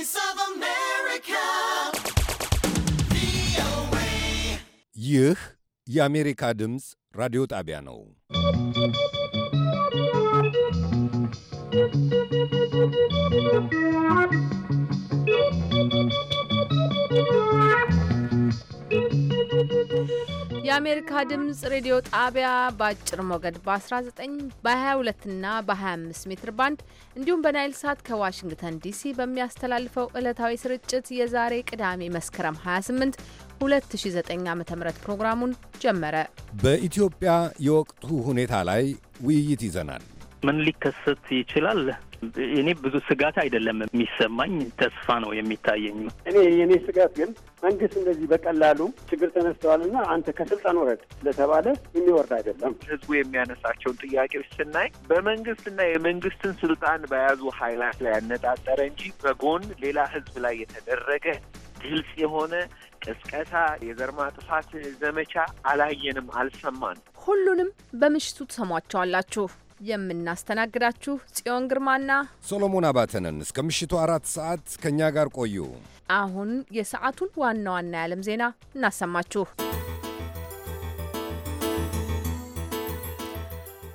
voice of America. VOA. ይህ የአሜሪካ ድምፅ የአሜሪካ ድምፅ ሬዲዮ ጣቢያ በአጭር ሞገድ በ19 በ22 እና በ25 ሜትር ባንድ እንዲሁም በናይል ሳት ከዋሽንግተን ዲሲ በሚያስተላልፈው ዕለታዊ ስርጭት የዛሬ ቅዳሜ መስከረም 28 2009 ዓ ም ፕሮግራሙን ጀመረ። በኢትዮጵያ የወቅቱ ሁኔታ ላይ ውይይት ይዘናል። ምን ሊከሰት ይችላል? እኔ ብዙ ስጋት አይደለም የሚሰማኝ፣ ተስፋ ነው የሚታየኝ። እኔ የእኔ ስጋት ግን መንግስት እንደዚህ በቀላሉ ችግር ተነስተዋልና አንተ ከስልጣን ወረድ ስለተባለ የሚወርድ አይደለም። ህዝቡ የሚያነሳቸውን ጥያቄዎች ስናይ በመንግስትና የመንግስትን ስልጣን በያዙ ኃይላት ላይ ያነጣጠረ እንጂ በጎን ሌላ ህዝብ ላይ የተደረገ ግልጽ የሆነ ቅስቀሳ፣ የዘር ማጥፋት ዘመቻ አላየንም፣ አልሰማን። ሁሉንም በምሽቱ ትሰሟቸዋላችሁ። የምናስተናግዳችሁ ጽዮን ግርማና ሶሎሞን አባተነን እስከ ምሽቱ አራት ሰዓት ከእኛ ጋር ቆዩ። አሁን የሰዓቱን ዋና ዋና የዓለም ዜና እናሰማችሁ።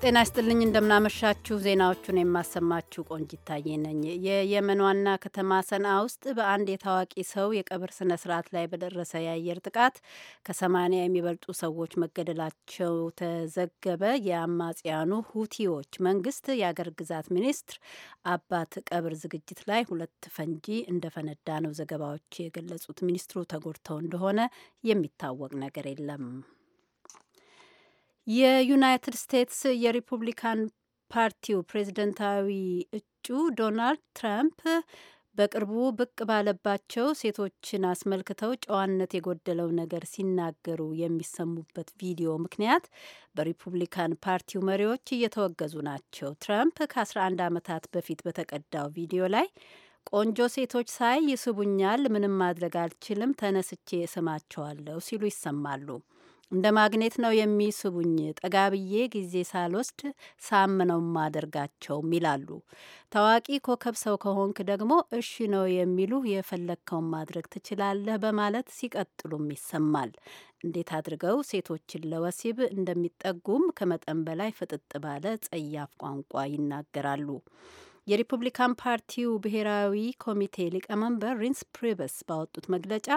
ጤና ይስጥልኝ እንደምናመሻችሁ። ዜናዎቹን የማሰማችሁ ቆንጅ ታዬ ነኝ። የየመን ዋና ከተማ ሰንዓ ውስጥ በአንድ የታዋቂ ሰው የቀብር ስነ ስርዓት ላይ በደረሰ የአየር ጥቃት ከሰማኒያ የሚበልጡ ሰዎች መገደላቸው ተዘገበ። የአማጽያኑ ሁቲዎች መንግስት የአገር ግዛት ሚኒስትር አባት ቀብር ዝግጅት ላይ ሁለት ፈንጂ እንደፈነዳ ነው ዘገባዎች የገለጹት። ሚኒስትሩ ተጎድተው እንደሆነ የሚታወቅ ነገር የለም። የዩናይትድ ስቴትስ የሪፑብሊካን ፓርቲው ፕሬዝደንታዊ እጩ ዶናልድ ትራምፕ በቅርቡ ብቅ ባለባቸው ሴቶችን አስመልክተው ጨዋነት የጎደለው ነገር ሲናገሩ የሚሰሙበት ቪዲዮ ምክንያት በሪፑብሊካን ፓርቲው መሪዎች እየተወገዙ ናቸው። ትራምፕ ከ11 ዓመታት በፊት በተቀዳው ቪዲዮ ላይ ቆንጆ ሴቶች ሳይ ይስቡኛል፣ ምንም ማድረግ አልችልም፣ ተነስቼ እስማቸዋለሁ ሲሉ ይሰማሉ። እንደ ማግኔት ነው የሚስቡኝ። ጠጋ ብዬ ጊዜ ሳልወስድ ሳም ነው ማደርጋቸውም ይላሉ። ታዋቂ ኮከብ ሰው ከሆንክ ደግሞ እሺ ነው የሚሉ የፈለግከውን ማድረግ ትችላለህ በማለት ሲቀጥሉም ይሰማል። እንዴት አድርገው ሴቶችን ለወሲብ እንደሚጠጉም ከመጠን በላይ ፍጥጥ ባለ ጸያፍ ቋንቋ ይናገራሉ። የሪፑብሊካን ፓርቲው ብሔራዊ ኮሚቴ ሊቀመንበር ሪንስ ፕሪበስ ባወጡት መግለጫ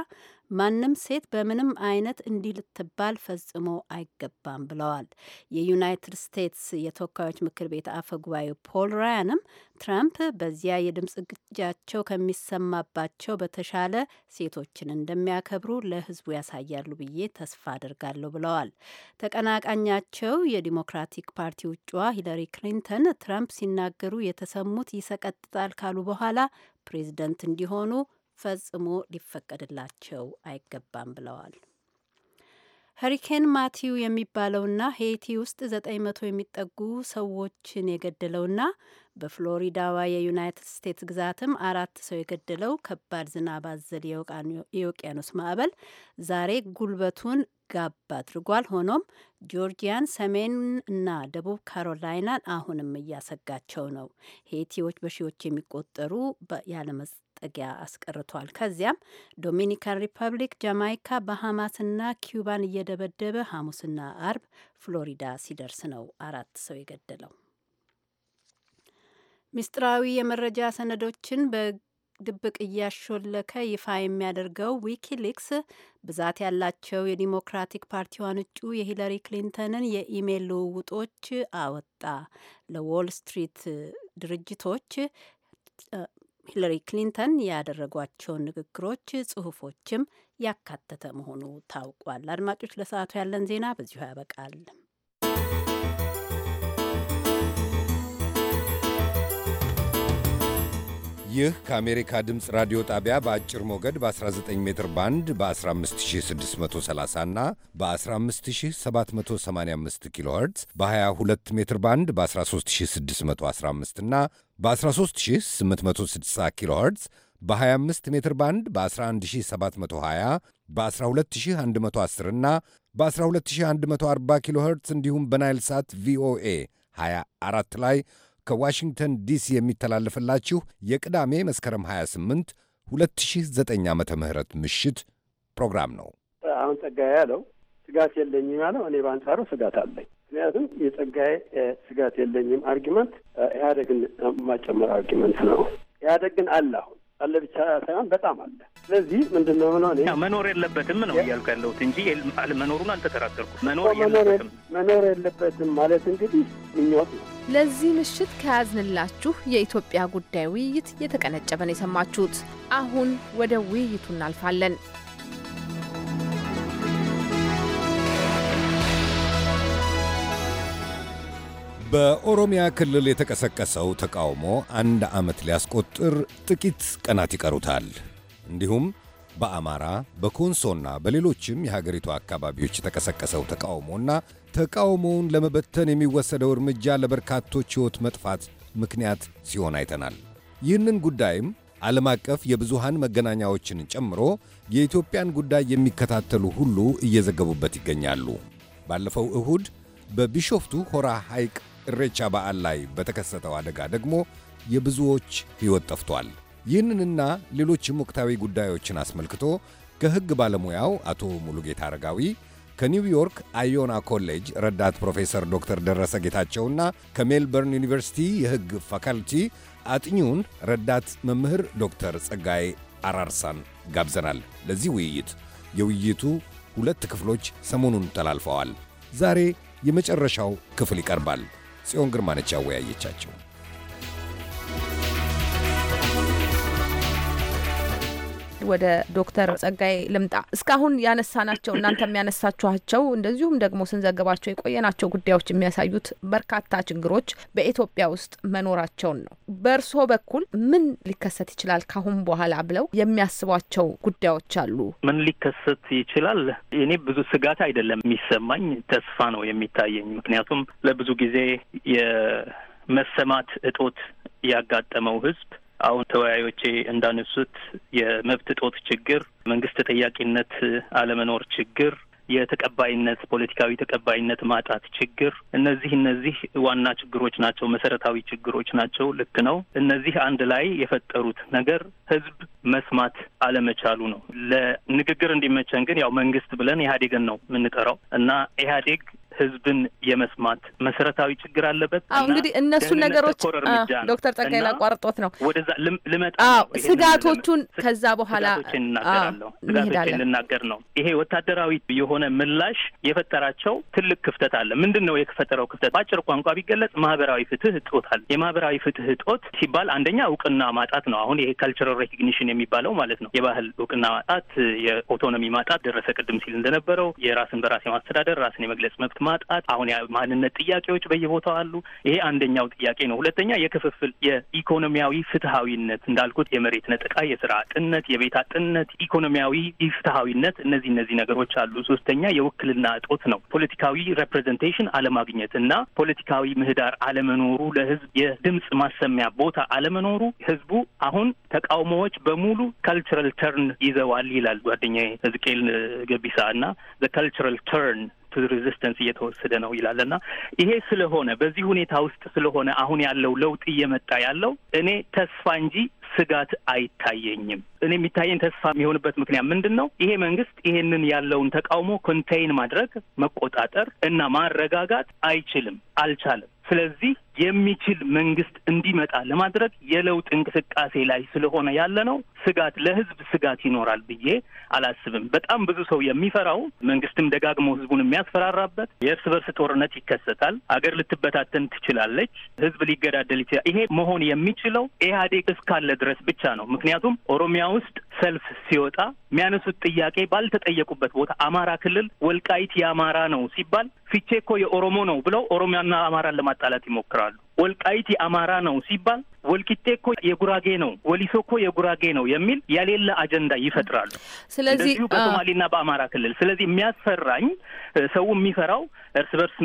ማንም ሴት በምንም አይነት እንዲህ ልትባል ፈጽሞ አይገባም ብለዋል። የዩናይትድ ስቴትስ የተወካዮች ምክር ቤት አፈ ጉባኤ ፖል ራያንም ትራምፕ በዚያ የድምፅ ግጃቸው ከሚሰማባቸው በተሻለ ሴቶችን እንደሚያከብሩ ለሕዝቡ ያሳያሉ ብዬ ተስፋ አድርጋለሁ ብለዋል። ተቀናቃኛቸው የዲሞክራቲክ ፓርቲ ውጭዋ ሂለሪ ክሊንተን ትራምፕ ሲናገሩ የተሰሙት ይሰቀጥጣል ካሉ በኋላ ፕሬዚደንት እንዲሆኑ ፈጽሞ ሊፈቀድላቸው አይገባም ብለዋል። ሀሪኬን ማቲው የሚባለውና ሄይቲ ውስጥ ዘጠኝ መቶ የሚጠጉ ሰዎችን የገደለውና በፍሎሪዳዋ የዩናይትድ ስቴትስ ግዛትም አራት ሰው የገደለው ከባድ ዝናብ አዘል የውቅያኖስ ማዕበል ዛሬ ጉልበቱን ጋብ አድርጓል። ሆኖም ጆርጂያን፣ ሰሜን እና ደቡብ ካሮላይናን አሁንም እያሰጋቸው ነው። ሄቲዎች በሺዎች የሚቆጠሩ ማስጠጊያ አስቀርቷል። ከዚያም ዶሚኒካን ሪፐብሊክ፣ ጃማይካ፣ ባሃማስና ኪዩባን እየደበደበ ሐሙስና አርብ ፍሎሪዳ ሲደርስ ነው አራት ሰው የገደለው። ሚስጥራዊ የመረጃ ሰነዶችን በድብቅ እያሾለከ ይፋ የሚያደርገው ዊኪሊክስ ብዛት ያላቸው የዲሞክራቲክ ፓርቲዋን እጩ የሂለሪ ክሊንተንን የኢሜይል ልውውጦች አወጣ። ለዎል ስትሪት ድርጅቶች ሂለሪ ክሊንተን ያደረጓቸውን ንግግሮች ጽሁፎችም ያካተተ መሆኑ ታውቋል። አድማጮች፣ ለሰዓቱ ያለን ዜና በዚሁ ያበቃል። ይህ ከአሜሪካ ድምፅ ራዲዮ ጣቢያ በአጭር ሞገድ በ19 ሜትር ባንድ በ15630 እና በ15785 ኪሎ ኸርትዝ በ22 ሜትር ባንድ በ13615 እና በ13860 ኪሎ ኸርትዝ በ25 ሜትር ባንድ በ11720 በ12110 እና በ12140 ኪሎ ኸርትዝ እንዲሁም በናይል ሳት ቪኦኤ 24 ላይ ከዋሽንግተን ዲሲ የሚተላለፍላችሁ የቅዳሜ መስከረም 28 2009 ዓመተ ምህረት ምሽት ፕሮግራም ነው። አሁን ጸጋዬ ያለው ስጋት የለኝም ያለው እኔ በአንጻሩ ስጋት አለኝ። ምክንያቱም የጸጋዬ ስጋት የለኝም አርጊመንት ኢህአደግን ማጨመር አርጊመንት ነው። ኢህአዴግ ግን አለ አሁን አለ ብቻ ሳይሆን በጣም አለ። ስለዚህ ምንድን ነው ምን መኖር የለበትም ነው እያልኩ ያለሁት እንጂ መኖሩን አልተከራከርኩም። መኖር መኖር የለበትም ማለት እንግዲህ ምኞት ነው። ለዚህ ምሽት ከያዝንላችሁ የኢትዮጵያ ጉዳይ ውይይት የተቀነጨበን የሰማችሁት። አሁን ወደ ውይይቱ እናልፋለን። በኦሮሚያ ክልል የተቀሰቀሰው ተቃውሞ አንድ ዓመት ሊያስቆጥር ጥቂት ቀናት ይቀሩታል። እንዲሁም በአማራ በኮንሶና በሌሎችም የሀገሪቱ አካባቢዎች የተቀሰቀሰው ተቃውሞና ተቃውሞውን ለመበተን የሚወሰደው እርምጃ ለበርካቶች ሕይወት መጥፋት ምክንያት ሲሆን አይተናል። ይህንን ጉዳይም ዓለም አቀፍ የብዙሃን መገናኛዎችን ጨምሮ የኢትዮጵያን ጉዳይ የሚከታተሉ ሁሉ እየዘገቡበት ይገኛሉ። ባለፈው እሁድ በቢሾፍቱ ሆራ ሐይቅ እሬቻ በዓል ላይ በተከሰተው አደጋ ደግሞ የብዙዎች ሕይወት ጠፍቷል። ይህንንና ሌሎችም ወቅታዊ ጉዳዮችን አስመልክቶ ከሕግ ባለሙያው አቶ ሙሉጌታ አረጋዊ ከኒውዮርክ አዮና ኮሌጅ ረዳት ፕሮፌሰር ዶክተር ደረሰ ጌታቸውና ከሜልበርን ዩኒቨርሲቲ የሕግ ፋካልቲ አጥኚውን ረዳት መምህር ዶክተር ጸጋይ አራርሳን ጋብዘናል። ለዚህ ውይይት የውይይቱ ሁለት ክፍሎች ሰሞኑን ተላልፈዋል። ዛሬ የመጨረሻው ክፍል ይቀርባል። ጽዮን ነች አወያየቻቸው። ወደ ዶክተር ጸጋይ ልምጣ። እስካሁን ያነሳናቸው እናንተ የሚያነሳችኋቸው እንደዚሁም ደግሞ ስንዘግባቸው የቆየናቸው ጉዳዮች የሚያሳዩት በርካታ ችግሮች በኢትዮጵያ ውስጥ መኖራቸውን ነው። በእርሶ በኩል ምን ሊከሰት ይችላል ካሁን በኋላ ብለው የሚያስቧቸው ጉዳዮች አሉ? ምን ሊከሰት ይችላል? እኔ ብዙ ስጋት አይደለም የሚሰማኝ፣ ተስፋ ነው የሚታየኝ። ምክንያቱም ለብዙ ጊዜ የመሰማት እጦት ያጋጠመው ህዝብ አሁን ተወያዮቼ እንዳነሱት የመብት ጦት ችግር፣ መንግስት ተጠያቂነት አለመኖር ችግር፣ የተቀባይነት ፖለቲካዊ ተቀባይነት ማጣት ችግር፣ እነዚህ እነዚህ ዋና ችግሮች ናቸው፣ መሰረታዊ ችግሮች ናቸው። ልክ ነው። እነዚህ አንድ ላይ የፈጠሩት ነገር ህዝብ መስማት አለመቻሉ ነው። ለንግግር እንዲመቸን ግን ያው መንግስት ብለን ኢህአዴግን ነው የምንጠራው እና ኢህአዴግ ህዝብን የመስማት መሰረታዊ ችግር አለበት። አዎ እንግዲህ እነሱን ነገሮች ዶክተር ጸጋይ ላቋርጦት ነው ወደዛ ልመጣ ስጋቶቹን ከዛ በኋላ ስጋቶችን ልናገር ነው። ይሄ ወታደራዊ የሆነ ምላሽ የፈጠራቸው ትልቅ ክፍተት አለ። ምንድን ነው የፈጠረው ክፍተት? በአጭር ቋንቋ ቢገለጽ ማህበራዊ ፍትህ እጦት አለ። የማህበራዊ ፍትህ እጦት ሲባል አንደኛ እውቅና ማጣት ነው። አሁን ይሄ ካልቸራል ሬኮግኒሽን የሚባለው ማለት ነው። የባህል እውቅና ማጣት፣ የኦቶኖሚ ማጣት ደረሰ ቅድም ሲል እንደነበረው የራስን በራስ የማስተዳደር ራስን የመግለጽ መብት ማጣት፣ አሁን የማንነት ጥያቄዎች በየቦታው አሉ። ይሄ አንደኛው ጥያቄ ነው። ሁለተኛ የክፍፍል የኢኮኖሚያዊ ፍትሐዊነት እንዳልኩት የመሬት ነጠቃ፣ የስራ አጥነት፣ የቤት አጥነት፣ ኢኮኖሚያዊ ፍትሐዊነት፣ እነዚህ እነዚህ ነገሮች አሉ። ሶስተኛ የውክልና እጦት ነው። ፖለቲካዊ ሬፕሬዘንቴሽን አለማግኘት እና ፖለቲካዊ ምህዳር አለመኖሩ፣ ለህዝብ የድምጽ ማሰሚያ ቦታ አለመኖሩ ህዝቡ አሁን ተቃውሞዎች በሙሉ ካልቸራል ተርን ይዘዋል ይላል ጓደኛ ዝቅኤል ገቢሳ እና ዘ ካልቸራል ተርን ቱ ሬዚስተንስ እየተወሰደ ነው ይላል እና ይሄ ስለሆነ በዚህ ሁኔታ ውስጥ ስለሆነ አሁን ያለው ለውጥ እየመጣ ያለው እኔ ተስፋ እንጂ ስጋት አይታየኝም። እኔ የሚታየኝ ተስፋ የሚሆንበት ምክንያት ምንድን ነው? ይሄ መንግስት ይሄንን ያለውን ተቃውሞ ኮንቴይን ማድረግ መቆጣጠር እና ማረጋጋት አይችልም፣ አልቻለም። ስለዚህ የሚችል መንግስት እንዲመጣ ለማድረግ የለውጥ እንቅስቃሴ ላይ ስለሆነ ያለ ነው። ስጋት ለህዝብ ስጋት ይኖራል ብዬ አላስብም። በጣም ብዙ ሰው የሚፈራው መንግስትም ደጋግሞ ህዝቡን የሚያስፈራራበት የእርስ በርስ ጦርነት ይከሰታል። አገር ልትበታተን ትችላለች። ህዝብ ሊገዳደል ይችላል። ይሄ መሆን የሚችለው ኢህአዴግ እስካለ ድረስ ብቻ ነው። ምክንያቱም ኦሮሚያ ውስጥ ሰልፍ ሲወጣ የሚያነሱት ጥያቄ ባልተጠየቁበት ቦታ አማራ ክልል ወልቃይት የአማራ ነው ሲባል ፊቼ እኮ የኦሮሞ ነው ብለው ኦሮሚያና አማራን ለማጣላት ይሞክራል ይኖራሉ። ወልቃይት የአማራ ነው ሲባል ወልቂጤ እኮ የጉራጌ ነው፣ ወሊሶ እኮ የጉራጌ ነው የሚል የሌለ አጀንዳ ይፈጥራሉ። ስለዚህ በሶማሌና በአማራ ክልል ስለዚህ የሚያስፈራኝ ሰው የሚፈራው እርስ በርስ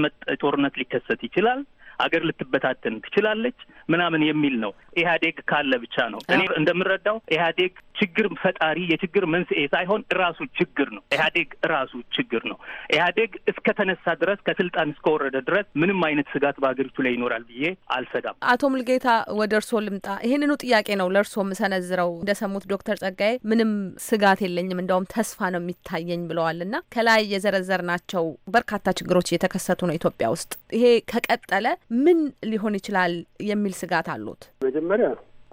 ጦርነት ሊከሰት ይችላል አገር ልትበታተን ትችላለች ምናምን የሚል ነው። ኢህአዴግ ካለ ብቻ ነው። እኔ እንደምረዳው ኢህአዴግ ችግር ፈጣሪ የችግር መንስኤ ሳይሆን ራሱ ችግር ነው። ኢህአዴግ ራሱ ችግር ነው። ኢህአዴግ እስከተነሳ ድረስ ከስልጣን እስከወረደ ድረስ ምንም አይነት ስጋት በሀገሪቱ ላይ ይኖራል ብዬ አልሰጋም። አቶ ሙልጌታ ወደ እርስዎ ልምጣ። ይህንኑ ጥያቄ ነው ለእርስዎ የምሰነዝረው። እንደሰሙት ዶክተር ጸጋዬ ምንም ስጋት የለኝም እንደውም ተስፋ ነው የሚታየኝ ብለዋል እና ከላይ የዘረዘርናቸው በርካታ ችግሮች እየተከሰቱ ነው ኢትዮጵያ ውስጥ ይሄ ከቀጠለ ምን ሊሆን ይችላል የሚል ስጋት አሉት። መጀመሪያ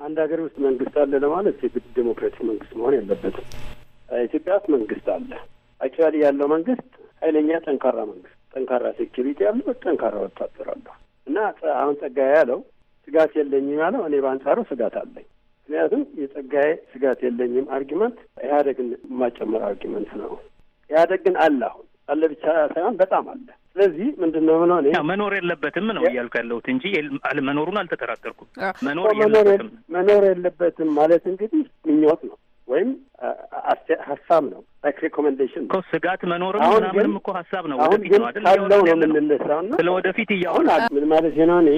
አንድ ሀገር ውስጥ መንግስት አለ ለማለት የግድ ዴሞክራቲክ መንግስት መሆን የለበትም። ኢትዮጵያ ውስጥ መንግስት አለ። አክቹዋሊ ያለው መንግስት ኃይለኛ ጠንካራ መንግስት፣ ጠንካራ ሴኪሪቲ ያለው፣ ጠንካራ ወታደር አለሁ እና አሁን ጸጋዬ ያለው ስጋት የለኝም ያለው እኔ በአንጻሩ ስጋት አለኝ። ምክንያቱም የጸጋዬ ስጋት የለኝም አርጊመንት ኢህአደግን የማጨመር አርጊመንት ነው። ኢህአደግ ግን አለ አሁን አለ ብቻ ሳይሆን በጣም አለ። ስለዚህ ምንድን ነው ምን ሆነ መኖር የለበትም ነው እያልኩ ያለሁት እንጂ መኖሩን አልተጠራጠርኩም። መኖር የለበትም መኖር የለበትም ማለት እንግዲህ ምኞት ነው ወይም ሀሳብ ነው ላይክ ሪኮሜንዴሽን ነው። ስጋት መኖርም ምናምንም እኮ ሀሳብ ነው። ወደፊት ነው አይደል ካለው ነው የምንነሳው እና ስለ ወደፊት እያሁን ምን ማለት ነው እኔ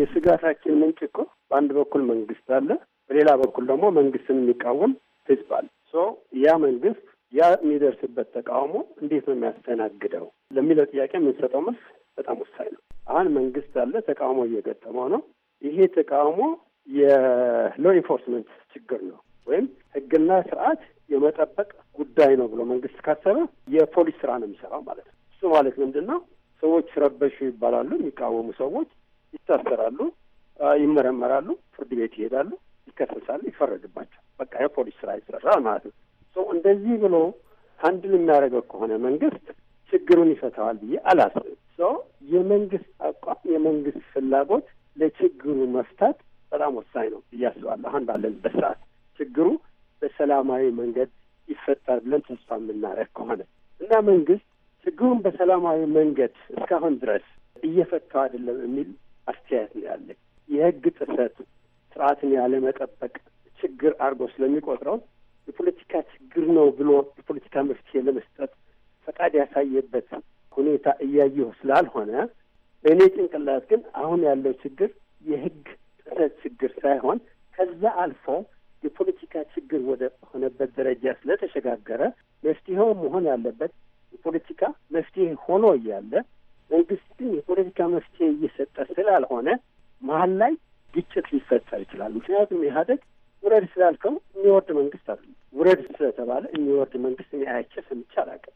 የስጋታችን ምንጭ እኮ በአንድ በኩል መንግስት አለ፣ በሌላ በኩል ደግሞ መንግስትን የሚቃወም ህዝብ አለ። ሶ ያ መንግስት ያ የሚደርስበት ተቃውሞ እንዴት ነው የሚያስተናግደው ለሚለው ጥያቄ የምንሰጠው መልስ በጣም ወሳኝ ነው። አሁን መንግስት አለ፣ ተቃውሞ እየገጠመው ነው። ይሄ ተቃውሞ የሎ ኢንፎርስመንት ችግር ነው ወይም ህግና ስርዓት የመጠበቅ ጉዳይ ነው ብሎ መንግስት ካሰበ የፖሊስ ስራ ነው የሚሰራው ማለት ነው። እሱ ማለት ምንድን ነው? ሰዎች ረበሹ ይባላሉ። የሚቃወሙ ሰዎች ይታሰራሉ፣ ይመረመራሉ፣ ፍርድ ቤት ይሄዳሉ፣ ይከሰሳሉ፣ ይፈረድባቸው። በቃ የፖሊስ ስራ ይሰራል ማለት ነው። እንደዚህ ብሎ ሀንድል የሚያደርገው ከሆነ መንግስት ችግሩን ይፈታዋል ብዬ አላስብም። የመንግስት አቋም፣ የመንግስት ፍላጎት ለችግሩ መፍታት በጣም ወሳኝ ነው ብዬ አስባለሁ። አሁን ባለንበት ሰዓት ችግሩ በሰላማዊ መንገድ ይፈታል ብለን ተስፋ የምናደርግ ከሆነ እና መንግስት ችግሩን በሰላማዊ መንገድ እስካሁን ድረስ እየፈታው አይደለም የሚል አስተያየት ነው ያለኝ። የህግ ጥሰት ስርዓትን ያለመጠበቅ ችግር አድርጎ ስለሚቆጥረው የፖለቲካ ችግር ነው ብሎ የፖለቲካ መፍትሄ ለመስጠት ፈቃድ ያሳየበት ሁኔታ እያየሁ ስላልሆነ በእኔ ጭንቅላት ግን አሁን ያለው ችግር የህግ ጥሰት ችግር ሳይሆን ከዛ አልፎ የፖለቲካ ችግር ወደ ሆነበት ደረጃ ስለተሸጋገረ መፍትሄው መሆን ያለበት የፖለቲካ መፍትሄ ሆኖ እያለ መንግስት ግን የፖለቲካ መፍትሄ እየሰጠ ስላልሆነ መሀል ላይ ግጭት ሊፈጠር ይችላል። ምክንያቱም ኢህአዴግ ውረድ ስላልከው የሚወርድ መንግስት አለ። ውረድ ስለተባለ የሚወርድ መንግስት እኔ አይቼ ሰምቼ አላውቅም።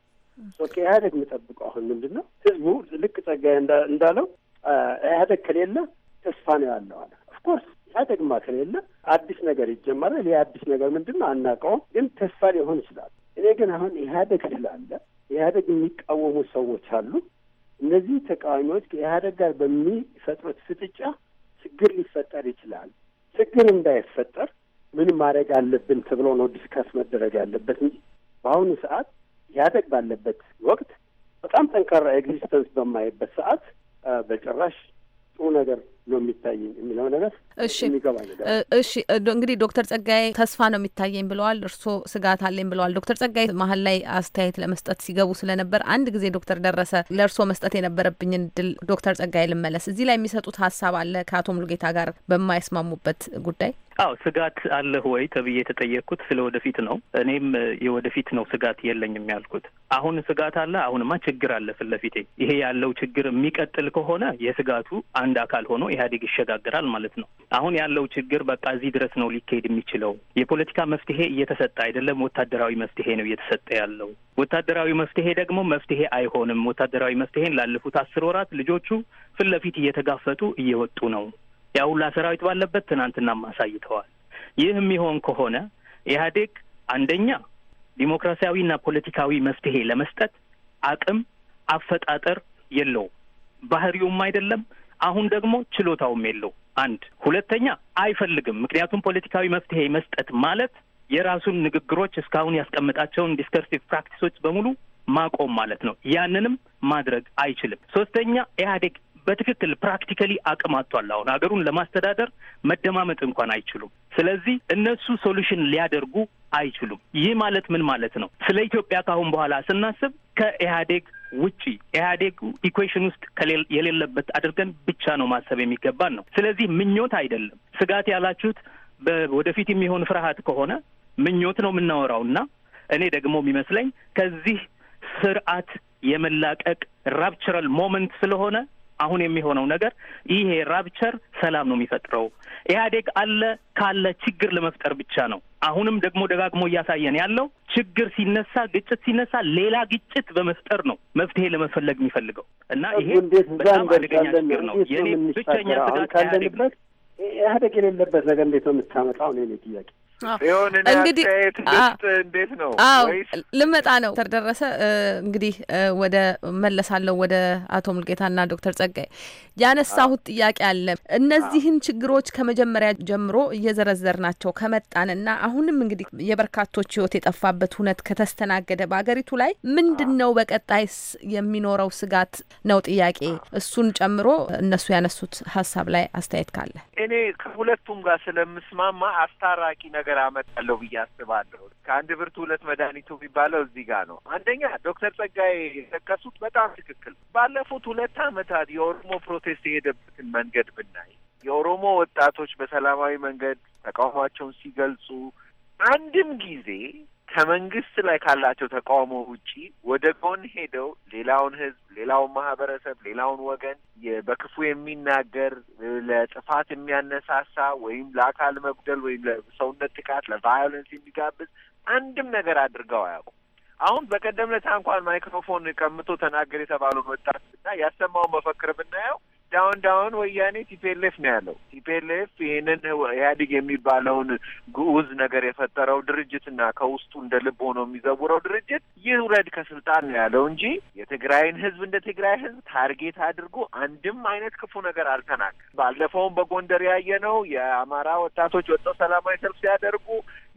ከኢህአደግ የምጠብቀው አሁን ምንድን ነው ህዝቡ ልክ ጸጋዬ እንዳለው ኢህአደግ ከሌለ ተስፋ ነው ያለው አለ። ኦፍኮርስ ኢህአደግማ ከሌለ አዲስ ነገር ይጀመራል። ይህ አዲስ ነገር ምንድን ነው አናውቀውም፣ ግን ተስፋ ሊሆን ይችላል። እኔ ግን አሁን ኢህአደግ ስላለ ኢህአደግ የሚቃወሙ ሰዎች አሉ። እነዚህ ተቃዋሚዎች ከኢህአደግ ጋር በሚፈጥሩት ፍጥጫ ችግር ሊፈጠር ይችላል። ችግር እንዳይፈጠር ምን ማድረግ አለብን ተብሎ ነው ዲስካስ መደረግ ያለበት እንጂ በአሁኑ ሰዓት ያደግ ባለበት ወቅት በጣም ጠንካራ ኤግዚስተንስ በማይበት ሰዓት በጭራሽ ጥሩ ነገር ነው የሚታየኝ የሚለው ነገር እሺ እሺ እንግዲህ ዶክተር ጸጋዬ ተስፋ ነው የሚታየኝ ብለዋል። እርስዎ ስጋት አለኝ ብለዋል። ዶክተር ጸጋዬ መሀል ላይ አስተያየት ለመስጠት ሲገቡ ስለነበር አንድ ጊዜ ዶክተር ደረሰ ለእርስዎ መስጠት የነበረብኝን ድል ዶክተር ጸጋዬ ልመለስ። እዚህ ላይ የሚሰጡት ሀሳብ አለ ከአቶ ሙሉጌታ ጋር በማይስማሙበት ጉዳይ። አዎ ስጋት አለህ ወይ ተብዬ የተጠየቅኩት ስለ ወደፊት ነው። እኔም የወደፊት ነው ስጋት የለኝም ያልኩት። አሁን ስጋት አለ፣ አሁንማ ችግር አለ ፊት ለፊቴ። ይሄ ያለው ችግር የሚቀጥል ከሆነ የስጋቱ አንድ አካል ሆኖ ኢህአዴግ ይሸጋግራል ማለት ነው። አሁን ያለው ችግር በቃ እዚህ ድረስ ነው ሊካሄድ የሚችለው። የፖለቲካ መፍትሄ እየተሰጠ አይደለም፣ ወታደራዊ መፍትሄ ነው እየተሰጠ ያለው። ወታደራዊ መፍትሄ ደግሞ መፍትሄ አይሆንም። ወታደራዊ መፍትሄን ላለፉት አስር ወራት ልጆቹ ፊት ለፊት እየተጋፈጡ እየወጡ ነው። ያ ሁላ ሰራዊት ባለበት ትናንትናም አሳይተዋል። ይህ የሚሆን ከሆነ ኢህአዴግ አንደኛ ዲሞክራሲያዊና ፖለቲካዊ መፍትሄ ለመስጠት አቅም አፈጣጠር የለውም፣ ባህሪውም አይደለም አሁን ደግሞ ችሎታውም የለው። አንድ ሁለተኛ አይፈልግም። ምክንያቱም ፖለቲካዊ መፍትሄ መስጠት ማለት የራሱን ንግግሮች እስካሁን ያስቀምጣቸውን ዲስከርሲቭ ፕራክቲሶች በሙሉ ማቆም ማለት ነው። ያንንም ማድረግ አይችልም። ሶስተኛ ኢህአዴግ በትክክል ፕራክቲካሊ አቅም አጥቷል። አሁን ሀገሩን ለማስተዳደር መደማመጥ እንኳን አይችሉም። ስለዚህ እነሱ ሶሉሽን ሊያደርጉ አይችሉም። ይህ ማለት ምን ማለት ነው? ስለ ኢትዮጵያ ካሁን በኋላ ስናስብ ከኢህአዴግ ውጪ ኢህአዴግ ኢኩዌሽን ውስጥ የሌለበት አድርገን ብቻ ነው ማሰብ የሚገባን ነው። ስለዚህ ምኞት አይደለም። ስጋት ያላችሁት ወደፊት የሚሆን ፍርሃት ከሆነ ምኞት ነው የምናወራው እና እኔ ደግሞ የሚመስለኝ ከዚህ ስርዓት የመላቀቅ ራፕቸራል ሞመንት ስለሆነ አሁን የሚሆነው ነገር ይሄ ራፕቸር ሰላም ነው የሚፈጥረው። ኢህአዴግ አለ ካለ ችግር ለመፍጠር ብቻ ነው። አሁንም ደግሞ ደጋግሞ እያሳየን ያለው ችግር ሲነሳ፣ ግጭት ሲነሳ ሌላ ግጭት በመፍጠር ነው መፍትሄ ለመፈለግ የሚፈልገው እና ይሄ በጣም አደገኛ ችግር ነው። የኔ ብቸኛ ስጋት ኢህአዴግ ነው። የሌለበት ነገር እንዴት ነው የምታመጣው? ነው የኔ ጥያቄ። እንግዲህ እንዴት ነው? አዎ ልመጣ ነው ተደረሰ። እንግዲህ ወደ መለሳለሁ ወደ አቶ ሙልጌታና ዶክተር ጸጋይ ያነሳሁት ጥያቄ አለ። እነዚህን ችግሮች ከመጀመሪያ ጀምሮ እየዘረዘር ናቸው ከመጣንና አሁንም እንግዲህ የበርካቶች ህይወት የጠፋበት እውነት ከተስተናገደ በሀገሪቱ ላይ ምንድን ነው በቀጣይስ የሚኖረው ስጋት ነው ጥያቄ። እሱን ጨምሮ እነሱ ያነሱት ሀሳብ ላይ አስተያየት ካለ እኔ ከሁለቱም ጋር ስለምስማማ አስታራቂ ነገር ነገር አመጣለሁ ብዬ አስባለሁ። ከአንድ ብርቱ ሁለት መድኃኒቱ የሚባለው እዚህ ጋር ነው። አንደኛ ዶክተር ጸጋዬ የጠቀሱት በጣም ትክክል። ባለፉት ሁለት አመታት የኦሮሞ ፕሮቴስት የሄደበትን መንገድ ብናይ የኦሮሞ ወጣቶች በሰላማዊ መንገድ ተቃውሟቸውን ሲገልጹ አንድም ጊዜ ከመንግስት ላይ ካላቸው ተቃውሞ ውጪ ወደ ጎን ሄደው ሌላውን ህዝብ፣ ሌላውን ማህበረሰብ፣ ሌላውን ወገን በክፉ የሚናገር ለጥፋት የሚያነሳሳ ወይም ለአካል መጉደል ወይም ለሰውነት ጥቃት ለቫዮለንስ የሚጋብዝ አንድም ነገር አድርገው አያውቁም። አሁን በቀደም ለታ እንኳን ማይክሮፎን ቀምቶ ተናገር የተባለውን ወጣት እና ያሰማውን መፈክር ብናየው ዳውን ዳውን ወያኔ ቲፒኤልኤፍ ነው ያለው። ቲፒኤልኤፍ ይህንን ኢህአዴግ የሚባለውን ግዑዝ ነገር የፈጠረው ድርጅትና ከውስጡ እንደ ልብ ሆኖ የሚዘውረው ድርጅት ይውረድ ከስልጣን ነው ያለው እንጂ የትግራይን ህዝብ እንደ ትግራይ ህዝብ ታርጌት አድርጎ አንድም አይነት ክፉ ነገር አልተናገር። ባለፈውም በጎንደር ያየ ነው። የአማራ ወጣቶች ወጥተው ሰላማዊ ሰልፍ ሲያደርጉ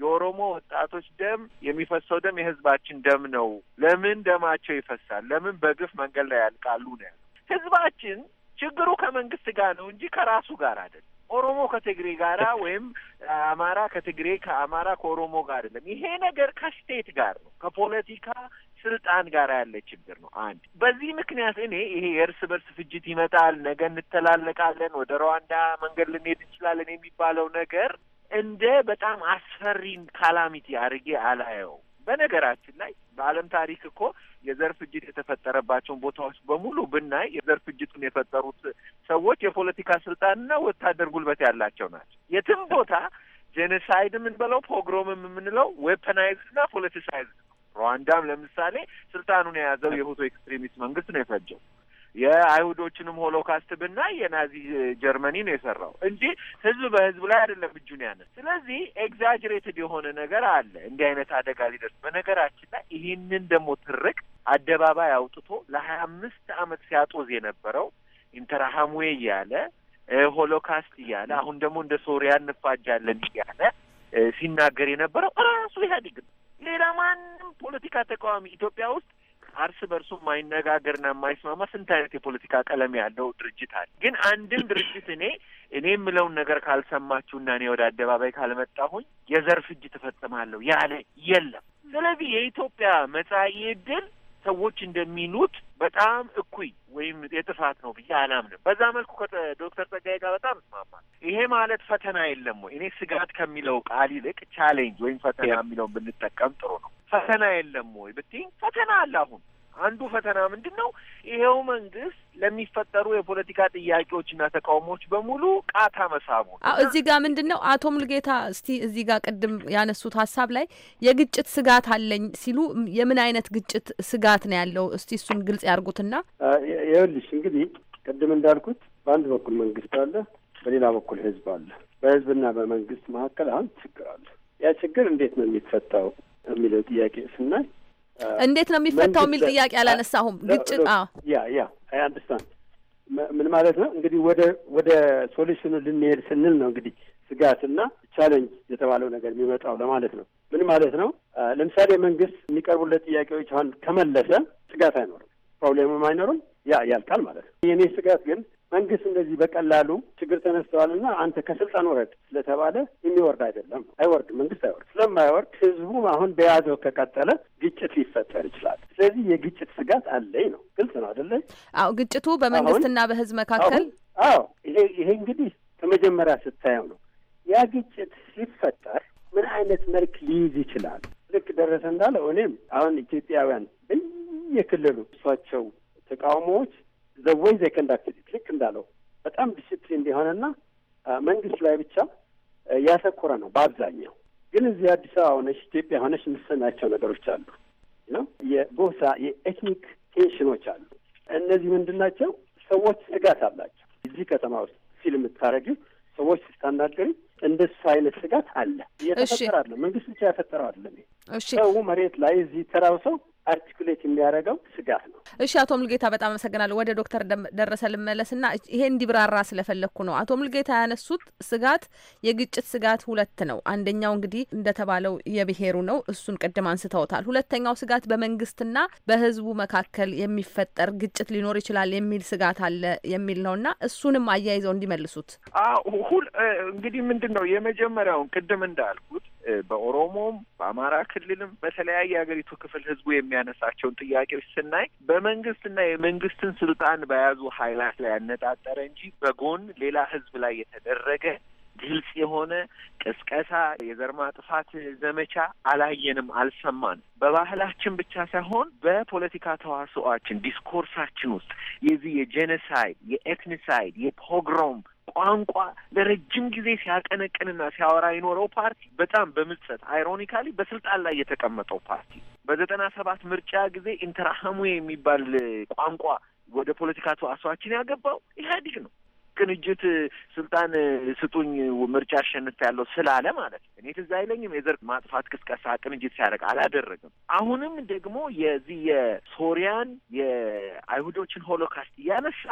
የኦሮሞ ወጣቶች ደም የሚፈሰው ደም የህዝባችን ደም ነው፣ ለምን ደማቸው ይፈሳል? ለምን በግፍ መንገድ ላይ ያልቃሉ? ነው ያለው ህዝባችን ችግሩ ከመንግስት ጋር ነው እንጂ ከራሱ ጋር አይደለም። ኦሮሞ ከትግሬ ጋር ወይም አማራ ከትግሬ ከአማራ ከኦሮሞ ጋር አይደለም። ይሄ ነገር ከስቴት ጋር ነው፣ ከፖለቲካ ስልጣን ጋር ያለ ችግር ነው። አንድ በዚህ ምክንያት እኔ ይሄ የእርስ በርስ ፍጅት ይመጣል፣ ነገ እንተላለቃለን፣ ወደ ሩዋንዳ መንገድ ልንሄድ እንችላለን የሚባለው ነገር እንደ በጣም አስፈሪ ካላሚቲ አድርጌ አላየው። በነገራችን ላይ በዓለም ታሪክ እኮ የዘር ፍጅት የተፈጠረባቸውን ቦታዎች በሙሉ ብናይ የዘር ፍጅቱን የፈጠሩት ሰዎች የፖለቲካ ስልጣንና ወታደር ጉልበት ያላቸው ናቸው። የትም ቦታ ጄኔሳይድ የምንበለው ፖግሮምም የምንለው ዌፐናይዝና ፖለቲሳይዝ ነው። ሩዋንዳም ለምሳሌ ስልጣኑን የያዘው የሁቶ ኤክስትሪሚስት መንግስት ነው የፈጀው። የአይሁዶችንም ሆሎካስት ብናይ የናዚ ጀርመኒ ነው የሰራው እንጂ ህዝብ በህዝብ ላይ አይደለም እጁን ያነ። ስለዚህ ኤግዛጅሬትድ የሆነ ነገር አለ እንዲህ አይነት አደጋ ሊደርስ። በነገራችን ላይ ይህንን ደግሞ ትርቅ አደባባይ አውጥቶ ለሀያ አምስት አመት ሲያጦዝ የነበረው ኢንተራሃምዌ እያለ ሆሎካስት እያለ አሁን ደግሞ እንደ ሶሪያ እንፋጃለን እያለ ሲናገር የነበረው ራሱ ኢህአዴግ ነው። ሌላ ማንም ፖለቲካ ተቃዋሚ ኢትዮጵያ ውስጥ እርስ በርሱ የማይነጋገርና የማይስማማ ስንት አይነት የፖለቲካ ቀለም ያለው ድርጅት አለ። ግን አንድም ድርጅት እኔ እኔ የምለውን ነገር ካልሰማችሁና እኔ ወደ አደባባይ ካልመጣሁኝ የዘር ፍጅት እፈጽማለሁ ያለ የለም። ስለዚህ የኢትዮጵያ መጻኢ ዕድል ሰዎች እንደሚሉት በጣም እኩይ ወይም የጥፋት ነው ብዬ አላምንም። በዛ መልኩ ከዶክተር ጸጋዬ ጋር በጣም እስማማለሁ። ይሄ ማለት ፈተና የለም ወይ? እኔ ስጋት ከሚለው ቃል ይልቅ ቻሌንጅ ወይም ፈተና የሚለውን ብንጠቀም ጥሩ ነው። ፈተና የለም ወይ ብትይኝ፣ ፈተና አለ አሁን አንዱ ፈተና ምንድን ነው? ይኸው መንግስት ለሚፈጠሩ የፖለቲካ ጥያቄዎችና ተቃውሞዎች በሙሉ ቃታ መሳቡ አሁ እዚህ ጋር ምንድን ነው አቶ ሙልጌታ እስቲ እዚህ ጋር ቅድም ያነሱት ሀሳብ ላይ የግጭት ስጋት አለኝ ሲሉ የምን አይነት ግጭት ስጋት ነው ያለው? እስቲ እሱን ግልጽ ያርጉትና ይኸውልሽ እንግዲህ ቅድም እንዳልኩት በአንድ በኩል መንግስት አለ፣ በሌላ በኩል ህዝብ አለ። በህዝብና በመንግስት መካከል አንድ ችግር አለ። ያ ችግር እንዴት ነው የሚፈታው የሚለው ጥያቄ ስናይ እንዴት ነው የሚፈታው የሚል ጥያቄ አላነሳሁም። ግጭት ያ ያ አንደርስታንድ ምን ማለት ነው እንግዲህ ወደ ወደ ሶሉሽኑ ልንሄድ ስንል ነው እንግዲህ ስጋትና ቻለንጅ የተባለው ነገር የሚመጣው ለማለት ነው። ምን ማለት ነው? ለምሳሌ መንግስት የሚቀርቡለት ጥያቄዎች አሁን ከመለሰ ስጋት አይኖርም፣ ፕሮብሌምም አይኖርም። ያ ያልቃል ማለት ነው። የእኔ ስጋት ግን መንግስት እንደዚህ በቀላሉ ችግር ተነስተዋልና አንተ ከስልጣን ወረድ ስለተባለ የሚወርድ አይደለም። አይወርድ መንግስት አይወርድ። ስለማይወርድ ህዝቡ አሁን በያዘው ከቀጠለ ግጭት ሊፈጠር ይችላል። ስለዚህ የግጭት ስጋት አለኝ ነው። ግልጽ ነው አደለኝ? አዎ። ግጭቱ በመንግስትና በህዝብ መካከል አዎ። ይሄ ይሄ እንግዲህ ከመጀመሪያ ስታየው ነው። ያ ግጭት ሲፈጠር ምን አይነት መልክ ሊይዝ ይችላል? ልክ ደረሰ እንዳለው እኔም አሁን ኢትዮጵያውያን በየክልሉ እሷቸው ተቃውሞዎች ዘወይ ዘከንዳክት ልክ እንዳለው በጣም ዲስፕሊን የሆነና መንግስት ላይ ብቻ ያተኮረ ነው በአብዛኛው። ግን እዚህ አዲስ አበባ ሆነሽ ኢትዮጵያ ሆነሽ የምትሰሚያቸው ነገሮች አሉ ነው የጎሳ የኤትኒክ ቴንሽኖች አሉ። እነዚህ ምንድን ናቸው? ሰዎች ስጋት አላቸው። እዚህ ከተማ ውስጥ ፊልም የምታረጊው ሰዎች ስታናገሪ እንደሱ አይነት ስጋት አለ። እየተፈጠራለ መንግስት ብቻ ያፈጠረው አይደለም። ሰው መሬት ላይ እዚህ ተራው ሰው አርቲኩሌት የሚያደርገው ስጋት ነው። እሺ አቶ ሙልጌታ በጣም አመሰግናለሁ። ወደ ዶክተር ደረሰ ልመለስና ይሄ እንዲብራራ ስለፈለግኩ ነው። አቶ ሙልጌታ ያነሱት ስጋት የግጭት ስጋት ሁለት ነው። አንደኛው እንግዲህ እንደተባለው የብሔሩ ነው። እሱን ቅድም አንስተውታል። ሁለተኛው ስጋት በመንግስትና በህዝቡ መካከል የሚፈጠር ግጭት ሊኖር ይችላል የሚል ስጋት አለ የሚል ነው እና እሱንም አያይዘው እንዲመልሱት። እንግዲህ ምንድን ነው የመጀመሪያውን ቅድም እንዳልኩት በኦሮሞም በአማራ ክልልም በተለያየ የሀገሪቱ ክፍል ህዝቡ የሚያነሳቸውን ጥያቄዎች ስናይ በመንግስትና የመንግስትን ስልጣን በያዙ ኃይላት ላይ ያነጣጠረ እንጂ በጎን ሌላ ህዝብ ላይ የተደረገ ግልጽ የሆነ ቅስቀሳ፣ የዘር ማጥፋት ዘመቻ አላየንም፣ አልሰማን። በባህላችን ብቻ ሳይሆን በፖለቲካ ተዋስኦአችን ዲስኮርሳችን ውስጥ የዚህ የጄኔሳይድ የኤትኒሳይድ የፖግሮም ቋንቋ ለረጅም ጊዜ ሲያቀነቅንና ሲያወራ የኖረው ፓርቲ በጣም በምጸት አይሮኒካሊ በስልጣን ላይ የተቀመጠው ፓርቲ በዘጠና ሰባት ምርጫ ጊዜ ኢንተራሃሙ የሚባል ቋንቋ ወደ ፖለቲካ ተዋሶችን ያገባው ኢህአዲግ ነው። ቅንጅት ስልጣን ስጡኝ ምርጫ አሸንፍ ያለው ስላለ ማለት እኔ ትዝ አይለኝም የዘር ማጥፋት ቅስቀሳ ቅንጅት ሲያደርግ አላደረግም። አሁንም ደግሞ የዚህ የሶሪያን የአይሁዶችን ሆሎካስት እያነሳ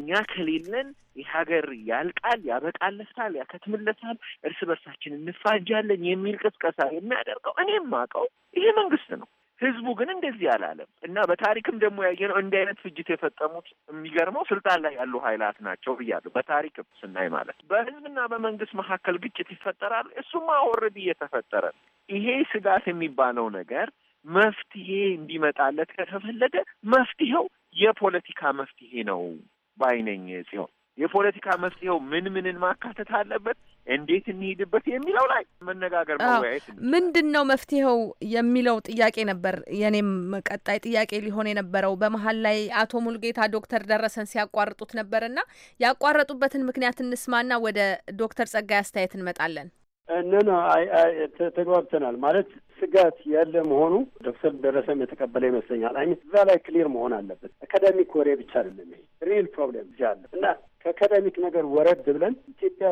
እኛ ከሌለን የሀገር ያልቃል፣ ያበቃለታል፣ ያከትምለታል፣ እርስ በርሳችን እንፋጃለን የሚል ቅስቀሳ የሚያደርገው እኔም አውቀው ይሄ መንግስት ነው። ህዝቡ ግን እንደዚህ አላለም እና በታሪክም ደግሞ ነው እንዲህ አይነት ፍጅት የፈጠሙት የሚገርመው ስልጣን ላይ ያሉ ኃይላት ናቸው ብያለሁ። በታሪክም ስናይ ማለት በህዝብና በመንግስት መካከል ግጭት ይፈጠራል። እሱማ ኦልሬዲ እየተፈጠረ ነው። ይሄ ስጋት የሚባለው ነገር መፍትሄ እንዲመጣለት ከተፈለገ መፍትሄው የፖለቲካ መፍትሄ ነው ባይነኝ ሲሆን የፖለቲካ መፍትሄው ምን ምንን ማካተት አለበት? እንዴት እንሂድበት የሚለው ላይ መነጋገር መወያየት ምንድን ነው መፍትሄው የሚለው ጥያቄ ነበር። የኔም ቀጣይ ጥያቄ ሊሆን የነበረው በመሀል ላይ አቶ ሙልጌታ ዶክተር ደረሰን ሲያቋርጡት ነበር ነበርና ያቋረጡበትን ምክንያት እንስማና ወደ ዶክተር ጸጋይ አስተያየት እንመጣለን። እነና ተግባብተናል ማለት ስጋት ያለ መሆኑ ዶክተር ደረሰም የተቀበለ ይመስለኛል። አይ እዛ ላይ ክሊር መሆን አለበት። አካዳሚክ ወሬ ብቻ አይደለም ይሄ ሪል ፕሮብለም እዚህ አለ እና ከአካዳሚክ ነገር ወረድ ብለን ኢትዮጵያ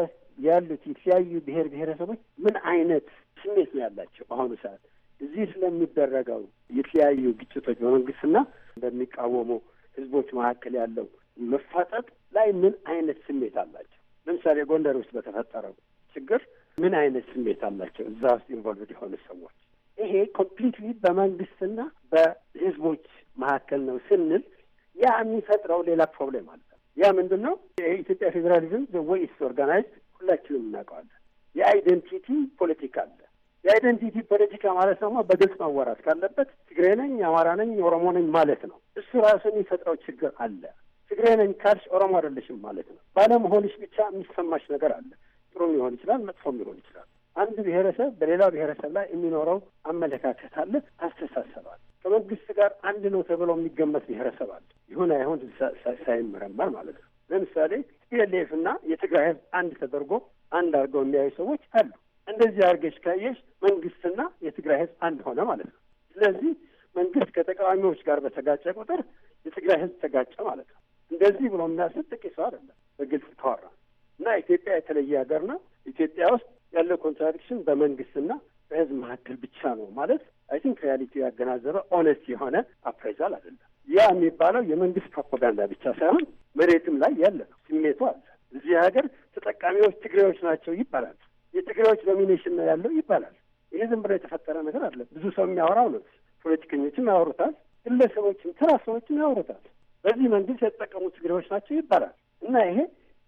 ያሉት የተለያዩ ብሔር ብሔረሰቦች ምን አይነት ስሜት ነው ያላቸው በአሁኑ ሰዓት እዚህ ስለሚደረገው የተለያዩ ግጭቶች በመንግስትና በሚቃወሙ ህዝቦች መካከል ያለው መፋጠጥ ላይ ምን አይነት ስሜት አላቸው? ለምሳሌ ጎንደር ውስጥ በተፈጠረው ችግር ምን አይነት ስሜት አላቸው? እዛ ውስጥ ኢንቮልቭድ የሆኑ ሰዎች ይሄ ኮምፕሊትሊ በመንግስትና በህዝቦች መካከል ነው ስንል ያ የሚፈጥረው ሌላ ፕሮብሌም አለ። ያ ምንድን ነው? የኢትዮጵያ ፌዴራሊዝም ዘ ወይ ኢትስ ኦርጋናይዝድ ሁላችንም እናውቀዋለን። የአይደንቲቲ ፖለቲካ አለ። የአይደንቲቲ ፖለቲካ ማለት ደግሞ በግልጽ መወራት ካለበት ትግሬ ነኝ፣ አማራ ነኝ፣ ኦሮሞ ነኝ ማለት ነው። እሱ ራሱ የሚፈጥረው ችግር አለ። ትግሬ ነኝ ካልሽ ኦሮሞ አይደለሽም ማለት ነው። ባለመሆንሽ ብቻ የሚሰማሽ ነገር አለ። ጥሩም ሊሆን ይችላል፣ መጥፎም ሊሆን ይችላል። አንድ ብሔረሰብ በሌላው ብሔረሰብ ላይ የሚኖረው አመለካከት አለ፣ አስተሳሰባል። ከመንግስት ጋር አንድ ነው ተብሎ የሚገመት ብሔረሰብ አለ። ይሁን አይሁን ሳይመረመር ማለት ነው። ለምሳሌ ቲፒኤልኤፍ እና የትግራይ ህዝብ አንድ ተደርጎ አንድ አድርገው የሚያዩ ሰዎች አሉ። እንደዚህ አድርገሽ ካየሽ መንግስትና የትግራይ ህዝብ አንድ ሆነ ማለት ነው። ስለዚህ መንግስት ከተቃዋሚዎች ጋር በተጋጨ ቁጥር የትግራይ ህዝብ ተጋጨ ማለት ነው። እንደዚህ ብሎ የሚያስብ ጥቂት ሰው አይደለም። በግልጽ ተዋራ እና ኢትዮጵያ የተለየ ሀገር ነው። ኢትዮጵያ ውስጥ ያለው ኮንትራዲክሽን በመንግስትና በህዝብ መካከል ብቻ ነው ማለት አይ ቲንክ ሪያሊቲ ያገናዘበ ኦነስት የሆነ አፕሬዛል አይደለም። ያ የሚባለው የመንግስት ፕሮፓጋንዳ ብቻ ሳይሆን መሬትም ላይ ያለ ነው። ስሜቱ አለ። እዚህ ሀገር ተጠቃሚዎች ትግሬዎች ናቸው ይባላል። የትግሬዎች ዶሚኔሽን ነው ያለው ይባላል። ይህ ዝም ብሎ የተፈጠረ ነገር አለ። ብዙ ሰው የሚያወራው ነው። ፖለቲከኞችም ያወሩታል፣ ግለሰቦችም ተራ ሰዎችም ያወሩታል። በዚህ መንግስት የተጠቀሙ ትግሬዎች ናቸው ይባላል እና ይሄ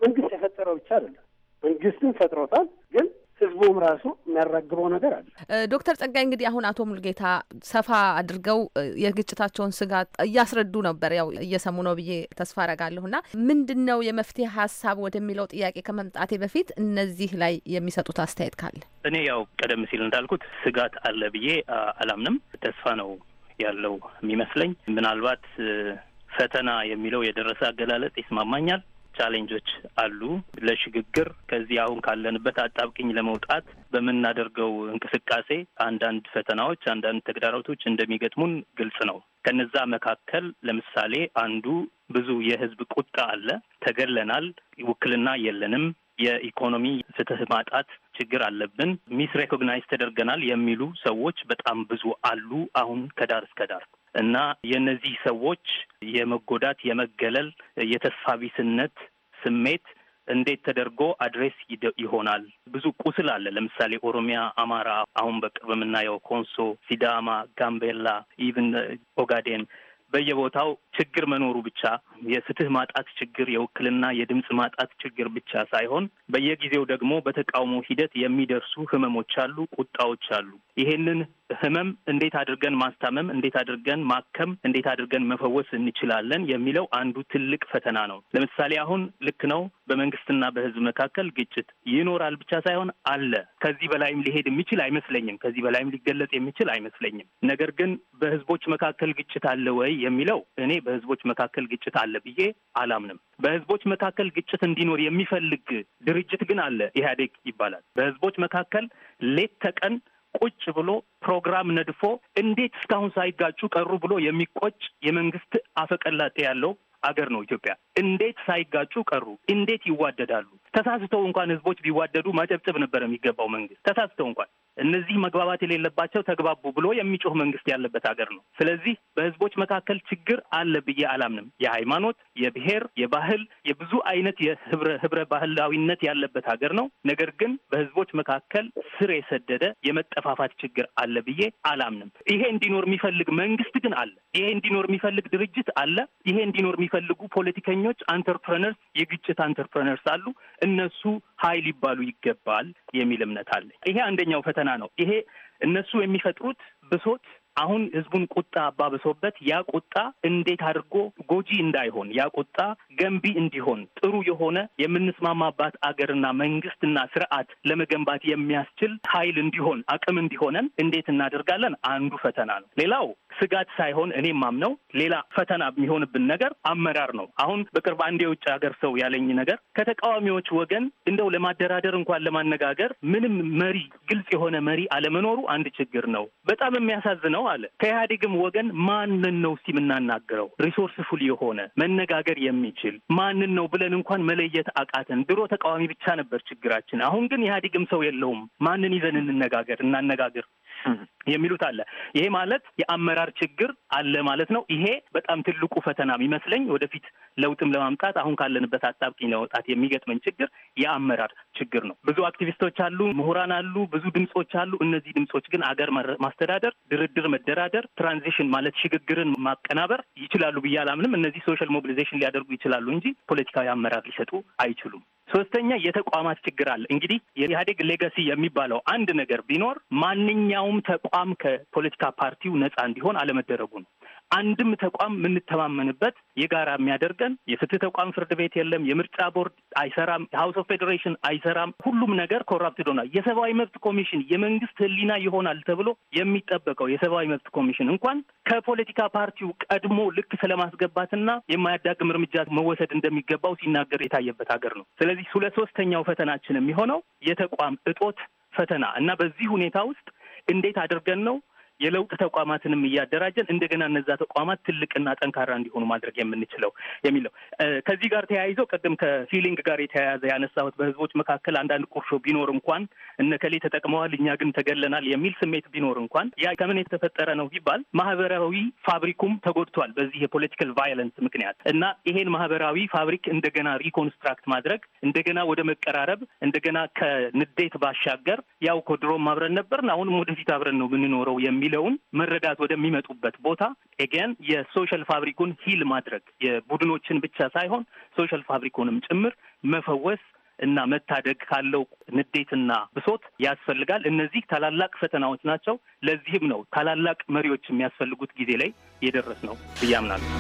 መንግስት የፈጠረው ብቻ አይደለም። መንግስትን ፈጥሮታል ግን ህዝቡም ራሱ የሚያራግበው ነገር አለ። ዶክተር ጸጋይ እንግዲህ አሁን አቶ ሙልጌታ ሰፋ አድርገው የግጭታቸውን ስጋት እያስረዱ ነበር። ያው እየሰሙ ነው ብዬ ተስፋ አረጋለሁ። ና ምንድን ነው የመፍትሄ ሀሳብ ወደሚለው ጥያቄ ከመምጣቴ በፊት እነዚህ ላይ የሚሰጡት አስተያየት ካለ። እኔ ያው ቀደም ሲል እንዳልኩት ስጋት አለ ብዬ አላምንም። ተስፋ ነው ያለው የሚመስለኝ። ምናልባት ፈተና የሚለው የደረሰ አገላለጽ ይስማማኛል። ቻሌንጆች አሉ። ለሽግግር ከዚህ አሁን ካለንበት አጣብቅኝ ለመውጣት በምናደርገው እንቅስቃሴ አንዳንድ ፈተናዎች፣ አንዳንድ ተግዳሮቶች እንደሚገጥሙን ግልጽ ነው። ከነዛ መካከል ለምሳሌ አንዱ ብዙ የህዝብ ቁጣ አለ። ተገለናል፣ ውክልና የለንም፣ የኢኮኖሚ ፍትህ ማጣት ችግር አለብን፣ ሚስ ሬኮግናይዝ ተደርገናል የሚሉ ሰዎች በጣም ብዙ አሉ። አሁን ከዳር እስከ ዳር እና የእነዚህ ሰዎች የመጎዳት፣ የመገለል፣ የተስፋቢስነት ስሜት እንዴት ተደርጎ አድሬስ ይሆናል? ብዙ ቁስል አለ። ለምሳሌ ኦሮሚያ፣ አማራ፣ አሁን በቅርብ የምናየው ኮንሶ፣ ሲዳማ፣ ጋምቤላ፣ ኢቭን ኦጋዴን በየቦታው ችግር መኖሩ ብቻ የፍትህ ማጣት ችግር፣ የውክልና የድምፅ ማጣት ችግር ብቻ ሳይሆን በየጊዜው ደግሞ በተቃውሞ ሂደት የሚደርሱ ህመሞች አሉ፣ ቁጣዎች አሉ። ይሄንን ህመም እንዴት አድርገን ማስታመም፣ እንዴት አድርገን ማከም፣ እንዴት አድርገን መፈወስ እንችላለን የሚለው አንዱ ትልቅ ፈተና ነው። ለምሳሌ አሁን ልክ ነው፣ በመንግስትና በህዝብ መካከል ግጭት ይኖራል ብቻ ሳይሆን አለ። ከዚህ በላይም ሊሄድ የሚችል አይመስለኝም። ከዚህ በላይም ሊገለጽ የሚችል አይመስለኝም። ነገር ግን በህዝቦች መካከል ግጭት አለ ወይ የሚለው እኔ በህዝቦች መካከል ግጭት አለ ብዬ አላምንም። በህዝቦች መካከል ግጭት እንዲኖር የሚፈልግ ድርጅት ግን አለ፣ ኢህአዴግ ይባላል። በህዝቦች መካከል ሌት ተቀን ቁጭ ብሎ ፕሮግራም ነድፎ እንዴት እስካሁን ሳይጋጩ ቀሩ ብሎ የሚቆጭ የመንግስት አፈቀላጤ ያለው አገር ነው ኢትዮጵያ። እንዴት ሳይጋጩ ቀሩ? እንዴት ይዋደዳሉ? ተሳስተው እንኳን ህዝቦች ቢዋደዱ ማጨብጨብ ነበር የሚገባው መንግስት። ተሳስተው እንኳን እነዚህ መግባባት የሌለባቸው ተግባቡ ብሎ የሚጮህ መንግስት ያለበት ሀገር ነው። ስለዚህ በህዝቦች መካከል ችግር አለ ብዬ አላምንም። የሃይማኖት፣ የብሔር፣ የባህል፣ የብዙ አይነት የህብረ ባህላዊነት ያለበት ሀገር ነው። ነገር ግን በህዝቦች መካከል ስር የሰደደ የመጠፋፋት ችግር አለ ብዬ አላምንም። ይሄ እንዲኖር የሚፈልግ መንግስት ግን አለ። ይሄ እንዲኖር የሚፈልግ ድርጅት አለ። ይሄ እንዲኖር የሚፈልጉ ፖለቲከኞች፣ አንተርፕረነርስ፣ የግጭት አንተርፕረነርስ አሉ። እነሱ ሀይል ሊባሉ ይገባል የሚል እምነት አለ። ይሄ አንደኛው ፈተና ፈተና ነው። ይሄ እነሱ የሚፈጥሩት ብሶት አሁን ህዝቡን ቁጣ አባብሶበት ያ ቁጣ እንዴት አድርጎ ጎጂ እንዳይሆን ያ ቁጣ ገንቢ እንዲሆን ጥሩ የሆነ የምንስማማባት አገርና መንግስትና ስርዓት ለመገንባት የሚያስችል ኃይል እንዲሆን አቅም እንዲሆነን እንዴት እናደርጋለን? አንዱ ፈተና ነው። ሌላው ስጋት ሳይሆን እኔም ማምነው ሌላ ፈተና የሚሆንብን ነገር አመራር ነው። አሁን በቅርብ አንድ የውጭ ሀገር ሰው ያለኝ ነገር ከተቃዋሚዎች ወገን እንደው ለማደራደር እንኳን ለማነጋገር ምንም መሪ ግልጽ የሆነ መሪ አለመኖሩ አንድ ችግር ነው። በጣም የሚያሳዝነው ነው አለ። ከኢህአዴግም ወገን ማንን ነው እስቲ የምናናግረው? ሪሶርስ ፉል የሆነ መነጋገር የሚችል ማንን ነው ብለን እንኳን መለየት አቃተን። ድሮ ተቃዋሚ ብቻ ነበር ችግራችን። አሁን ግን ኢህአዴግም ሰው የለውም። ማንን ይዘን እንነጋገር እናነጋግር የሚሉት አለ። ይሄ ማለት የአመራር ችግር አለ ማለት ነው። ይሄ በጣም ትልቁ ፈተና የሚመስለኝ ወደፊት ለውጥም ለማምጣት አሁን ካለንበት አጣብቂኝ ለመውጣት የሚገጥመን ችግር የአመራር ችግር ነው። ብዙ አክቲቪስቶች አሉ፣ ምሁራን አሉ፣ ብዙ ድምጾች አሉ። እነዚህ ድምጾች ግን አገር ማስተዳደር፣ ድርድር፣ መደራደር፣ ትራንዚሽን ማለት ሽግግርን ማቀናበር ይችላሉ ብዬ አላምንም። እነዚህ ሶሻል ሞቢሊዜሽን ሊያደርጉ ይችላሉ እንጂ ፖለቲካዊ አመራር ሊሰጡ አይችሉም። ሶስተኛ የተቋማት ችግር አለ። እንግዲህ የኢህአዴግ ሌጋሲ የሚባለው አንድ ነገር ቢኖር ማንኛውም ተቋም ከፖለቲካ ፓርቲው ነፃ እንዲሆን አለመደረጉ ነው። አንድም ተቋም የምንተማመንበት የጋራ የሚያደርገን የፍትህ ተቋም ፍርድ ቤት የለም። የምርጫ ቦርድ አይሰራም። ሀውስ ኦፍ ፌዴሬሽን አይሰራም። ሁሉም ነገር ኮራፕትድ ሆኗል። የሰብአዊ መብት ኮሚሽን የመንግስት ህሊና ይሆናል ተብሎ የሚጠበቀው የሰብአዊ መብት ኮሚሽን እንኳን ከፖለቲካ ፓርቲው ቀድሞ ልክ ስለማስገባትና የማያዳግም እርምጃ መወሰድ እንደሚገባው ሲናገር የታየበት ሀገር ነው። ስለዚህ ስለ ሶስተኛው ፈተናችን የሚሆነው የተቋም እጦት ፈተና እና በዚህ ሁኔታ ውስጥ እንዴት አድርገን ነው የለውጥ ተቋማትንም እያደራጀን እንደገና እነዛ ተቋማት ትልቅና ጠንካራ እንዲሆኑ ማድረግ የምንችለው የሚለው ከዚህ ጋር ተያይዘው ቅድም ከፊሊንግ ጋር የተያያዘ ያነሳሁት በህዝቦች መካከል አንዳንድ ቁርሾ ቢኖር እንኳን እነከሌ ተጠቅመዋል እኛ ግን ተገለናል የሚል ስሜት ቢኖር እንኳን ያ ከምን የተፈጠረ ነው ቢባል ማህበራዊ ፋብሪኩም ተጎድቷል በዚህ የፖለቲካል ቫይለንስ ምክንያት እና ይሄን ማህበራዊ ፋብሪክ እንደገና ሪኮንስትራክት ማድረግ እንደገና ወደ መቀራረብ እንደገና ከንዴት ባሻገር ያው ከድሮም አብረን ነበርን አሁንም ወደፊት አብረን ነው የምንኖረው የሚል የሚለውን መረዳት ወደሚመጡበት ቦታ ኤገን የሶሻል ፋብሪኩን ሂል ማድረግ የቡድኖችን ብቻ ሳይሆን ሶሻል ፋብሪኩንም ጭምር መፈወስ እና መታደግ ካለው ንዴትና ብሶት ያስፈልጋል። እነዚህ ታላላቅ ፈተናዎች ናቸው። ለዚህም ነው ታላላቅ መሪዎች የሚያስፈልጉት ጊዜ ላይ የደረስ ነው ብዬ አምናለሁ።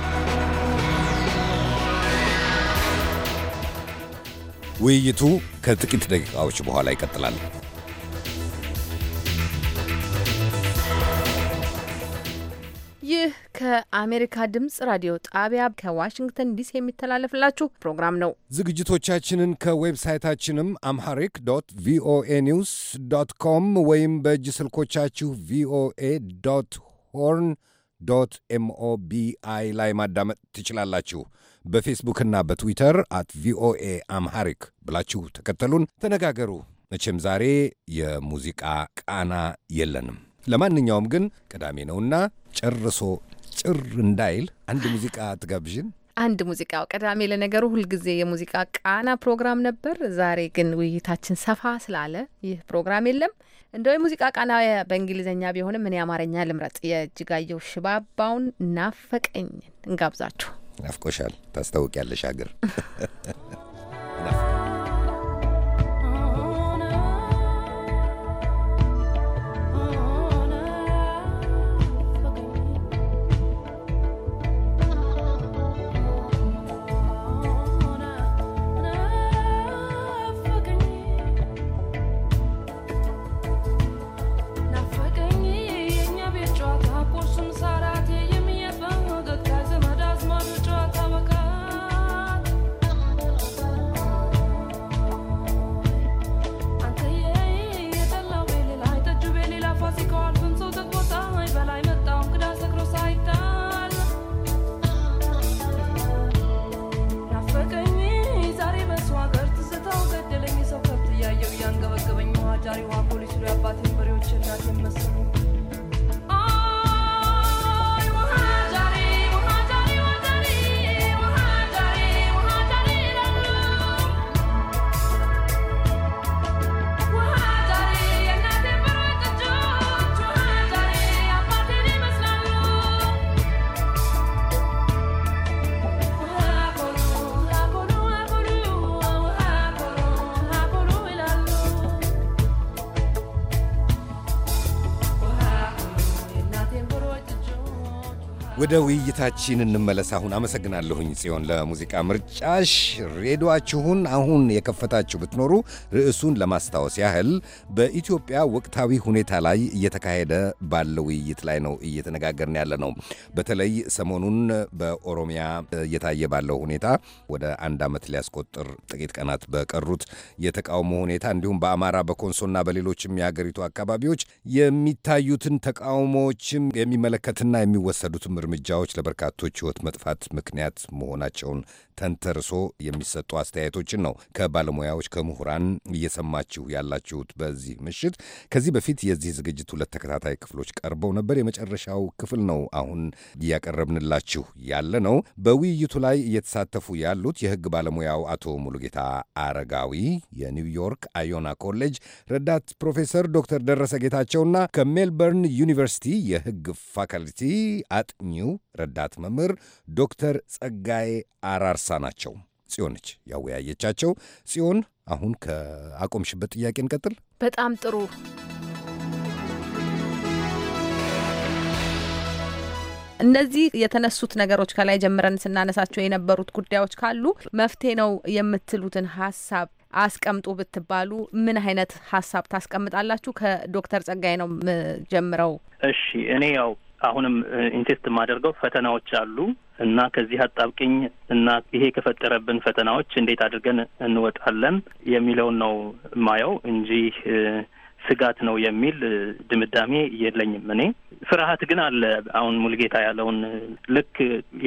ውይይቱ ከጥቂት ደቂቃዎች በኋላ ይቀጥላል። ይህ ከአሜሪካ ድምጽ ራዲዮ ጣቢያ ከዋሽንግተን ዲሲ የሚተላለፍላችሁ ፕሮግራም ነው። ዝግጅቶቻችንን ከዌብሳይታችንም አምሐሪክ ዶት ቪኦኤ ኒውስ ዶት ኮም ወይም በእጅ ስልኮቻችሁ ቪኦኤ ዶት ሆርን ዶት ኤምኦቢአይ ላይ ማዳመጥ ትችላላችሁ። በፌስቡክና በትዊተር አት ቪኦኤ አምሐሪክ ብላችሁ ተከተሉን፣ ተነጋገሩ። መቼም ዛሬ የሙዚቃ ቃና የለንም። ለማንኛውም ግን ቅዳሜ ነውና ጨርሶ ጭር እንዳይል አንድ ሙዚቃ ትጋብዥን። አንድ ሙዚቃ ቅዳሜ፣ ለነገሩ ሁልጊዜ የሙዚቃ ቃና ፕሮግራም ነበር። ዛሬ ግን ውይይታችን ሰፋ ስላለ ይህ ፕሮግራም የለም። እንደው የሙዚቃ ቃና በእንግሊዝኛ ቢሆንም እኔ አማርኛ ልምረጥ። የእጅጋየሁ ሽባባውን ናፈቀኝ እንጋብዛችሁ። ናፍቆሻል፣ ታስታውቂያለሽ ሀገር ወደ ውይይታችን እንመለስ። አሁን አመሰግናለሁኝ ጽዮን ለሙዚቃ ምርጫሽ። ሬዲዮችሁን አሁን የከፈታችሁ ብትኖሩ ርዕሱን ለማስታወስ ያህል በኢትዮጵያ ወቅታዊ ሁኔታ ላይ እየተካሄደ ባለው ውይይት ላይ ነው እየተነጋገርን ያለ ነው። በተለይ ሰሞኑን በኦሮሚያ እየታየ ባለው ሁኔታ ወደ አንድ ዓመት ሊያስቆጥር ጥቂት ቀናት በቀሩት የተቃውሞ ሁኔታ እንዲሁም በአማራ በኮንሶና በሌሎችም የሀገሪቱ አካባቢዎች የሚታዩትን ተቃውሞዎችም የሚመለከትና የሚወሰዱትም እርምጃዎች ለበርካቶች ሕይወት መጥፋት ምክንያት መሆናቸውን ተንተርሶ የሚሰጡ አስተያየቶችን ነው ከባለሙያዎች ከምሁራን እየሰማችሁ ያላችሁት በዚህ ምሽት። ከዚህ በፊት የዚህ ዝግጅት ሁለት ተከታታይ ክፍሎች ቀርበው ነበር። የመጨረሻው ክፍል ነው አሁን እያቀረብንላችሁ ያለ ነው። በውይይቱ ላይ እየተሳተፉ ያሉት የህግ ባለሙያው አቶ ሙሉጌታ አረጋዊ፣ የኒውዮርክ አዮና ኮሌጅ ረዳት ፕሮፌሰር ዶክተር ደረሰ ጌታቸውና ከሜልበርን ዩኒቨርሲቲ የህግ ፋካልቲ አጥኚ ረዳት መምህር ዶክተር ጸጋዬ አራርሳ ናቸው። ጽዮንች ያወያየቻቸው። ጽዮን፣ አሁን ከአቆምሽበት ጥያቄ እንቀጥል። በጣም ጥሩ። እነዚህ የተነሱት ነገሮች ከላይ ጀምረን ስናነሳቸው የነበሩት ጉዳዮች ካሉ መፍትሄ ነው የምትሉትን ሀሳብ አስቀምጡ ብትባሉ ምን አይነት ሀሳብ ታስቀምጣላችሁ? ከዶክተር ጸጋይ ነው የምጀምረው። እሺ እኔ ያው አሁንም ኢንሴስት የማደርገው ፈተናዎች አሉ እና ከዚህ አጣብቅኝ እና ይሄ ከፈጠረብን ፈተናዎች እንዴት አድርገን እንወጣለን የሚለውን ነው ማየው እንጂ ስጋት ነው የሚል ድምዳሜ የለኝም እኔ ፍርሃት ግን አለ። አሁን ሙልጌታ ያለውን ልክ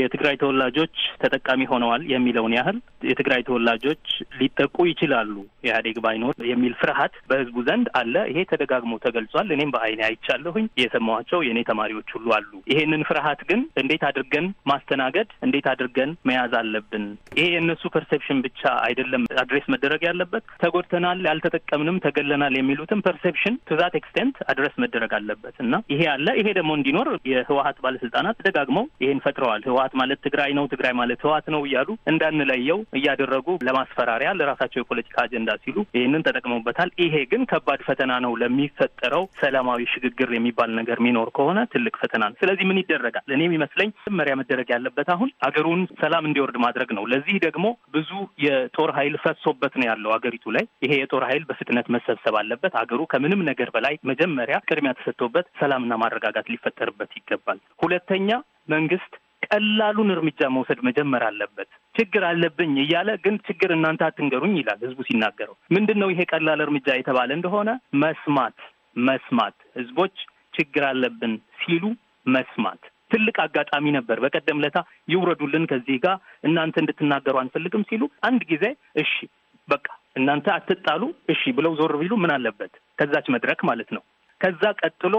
የትግራይ ተወላጆች ተጠቃሚ ሆነዋል የሚለውን ያህል የትግራይ ተወላጆች ሊጠቁ ይችላሉ ኢህአዴግ ባይኖር የሚል ፍርሃት በህዝቡ ዘንድ አለ። ይሄ ተደጋግሞ ተገልጿል። እኔም በአይኔ አይቻለሁኝ። የሰማኋቸው የእኔ ተማሪዎች ሁሉ አሉ። ይሄንን ፍርሃት ግን እንዴት አድርገን ማስተናገድ እንዴት አድርገን መያዝ አለብን? ይሄ የእነሱ ፐርሴፕሽን ብቻ አይደለም አድሬስ መደረግ ያለበት። ተጎድተናል፣ ያልተጠቀምንም፣ ተገለናል የሚሉትም ፐርሴፕሽን ቱ ዛት ኤክስቴንት አድሬስ መደረግ አለበት እና ይሄ አለ። ይሄ ደግሞ እንዲኖር የህወሀት ባለስልጣናት ደጋግመው ይሄን ፈጥረዋል። ህወሀት ማለት ትግራይ ነው፣ ትግራይ ማለት ህወሀት ነው እያሉ እንዳንለየው እያደረጉ ለማስፈራሪያ ለራሳቸው የፖለቲካ አጀንዳ ሲሉ ይህንን ተጠቅመውበታል። ይሄ ግን ከባድ ፈተና ነው ለሚፈጠረው ሰላማዊ ሽግግር የሚባል ነገር የሚኖር ከሆነ ትልቅ ፈተና ነው። ስለዚህ ምን ይደረጋል? እኔ የሚመስለኝ መጀመሪያ መደረግ ያለበት አሁን አገሩን ሰላም እንዲወርድ ማድረግ ነው። ለዚህ ደግሞ ብዙ የጦር ኃይል ፈሶበት ነው ያለው አገሪቱ ላይ። ይሄ የጦር ኃይል በፍጥነት መሰብሰብ አለበት። አገሩ ከምንም ነገር በላይ መጀመሪያ ቅድሚያ ተሰጥቶበት ሰላምና ማረጋገጥ መረዳት ሊፈጠርበት ይገባል። ሁለተኛ መንግስት ቀላሉን እርምጃ መውሰድ መጀመር አለበት። ችግር አለብኝ እያለ ግን ችግር እናንተ አትንገሩኝ ይላል ህዝቡ ሲናገረው። ምንድን ነው ይሄ ቀላል እርምጃ የተባለ እንደሆነ መስማት መስማት ህዝቦች ችግር አለብን ሲሉ መስማት ትልቅ አጋጣሚ ነበር። በቀደም ለታ ይውረዱልን ከዚህ ጋር እናንተ እንድትናገሩ አንፈልግም ሲሉ አንድ ጊዜ እሺ በቃ እናንተ አትጣሉ እሺ ብለው ዞር ቢሉ ምን አለበት? ከዛች መድረክ ማለት ነው። ከዛ ቀጥሎ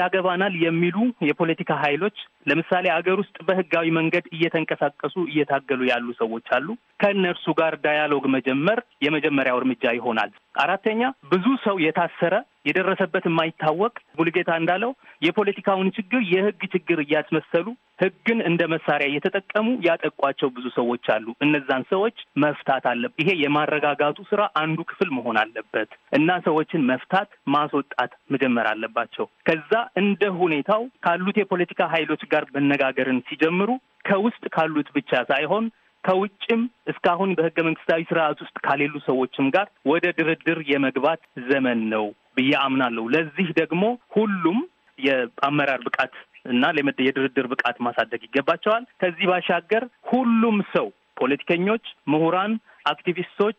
ያገባናል የሚሉ የፖለቲካ ኃይሎች ለምሳሌ አገር ውስጥ በህጋዊ መንገድ እየተንቀሳቀሱ እየታገሉ ያሉ ሰዎች አሉ። ከእነርሱ ጋር ዳያሎግ መጀመር የመጀመሪያው እርምጃ ይሆናል። አራተኛ ብዙ ሰው የታሰረ የደረሰበት የማይታወቅ ሙልጌታ እንዳለው የፖለቲካውን ችግር የህግ ችግር እያስመሰሉ ህግን እንደ መሳሪያ እየተጠቀሙ ያጠቋቸው ብዙ ሰዎች አሉ። እነዛን ሰዎች መፍታት አለ። ይሄ የማረጋጋቱ ስራ አንዱ ክፍል መሆን አለበት እና ሰዎችን መፍታት ማስወጣት መጀመር አለባቸው። ከዛ እንደ ሁኔታው ካሉት የፖለቲካ ኃይሎች ጋር መነጋገርን ሲጀምሩ ከውስጥ ካሉት ብቻ ሳይሆን ከውጭም እስካሁን በህገ መንግስታዊ ስርዓት ውስጥ ከሌሉ ሰዎችም ጋር ወደ ድርድር የመግባት ዘመን ነው ብዬ አምናለሁ። ለዚህ ደግሞ ሁሉም የአመራር ብቃት እና የድርድር ብቃት ማሳደግ ይገባቸዋል። ከዚህ ባሻገር ሁሉም ሰው ፖለቲከኞች፣ ምሁራን፣ አክቲቪስቶች፣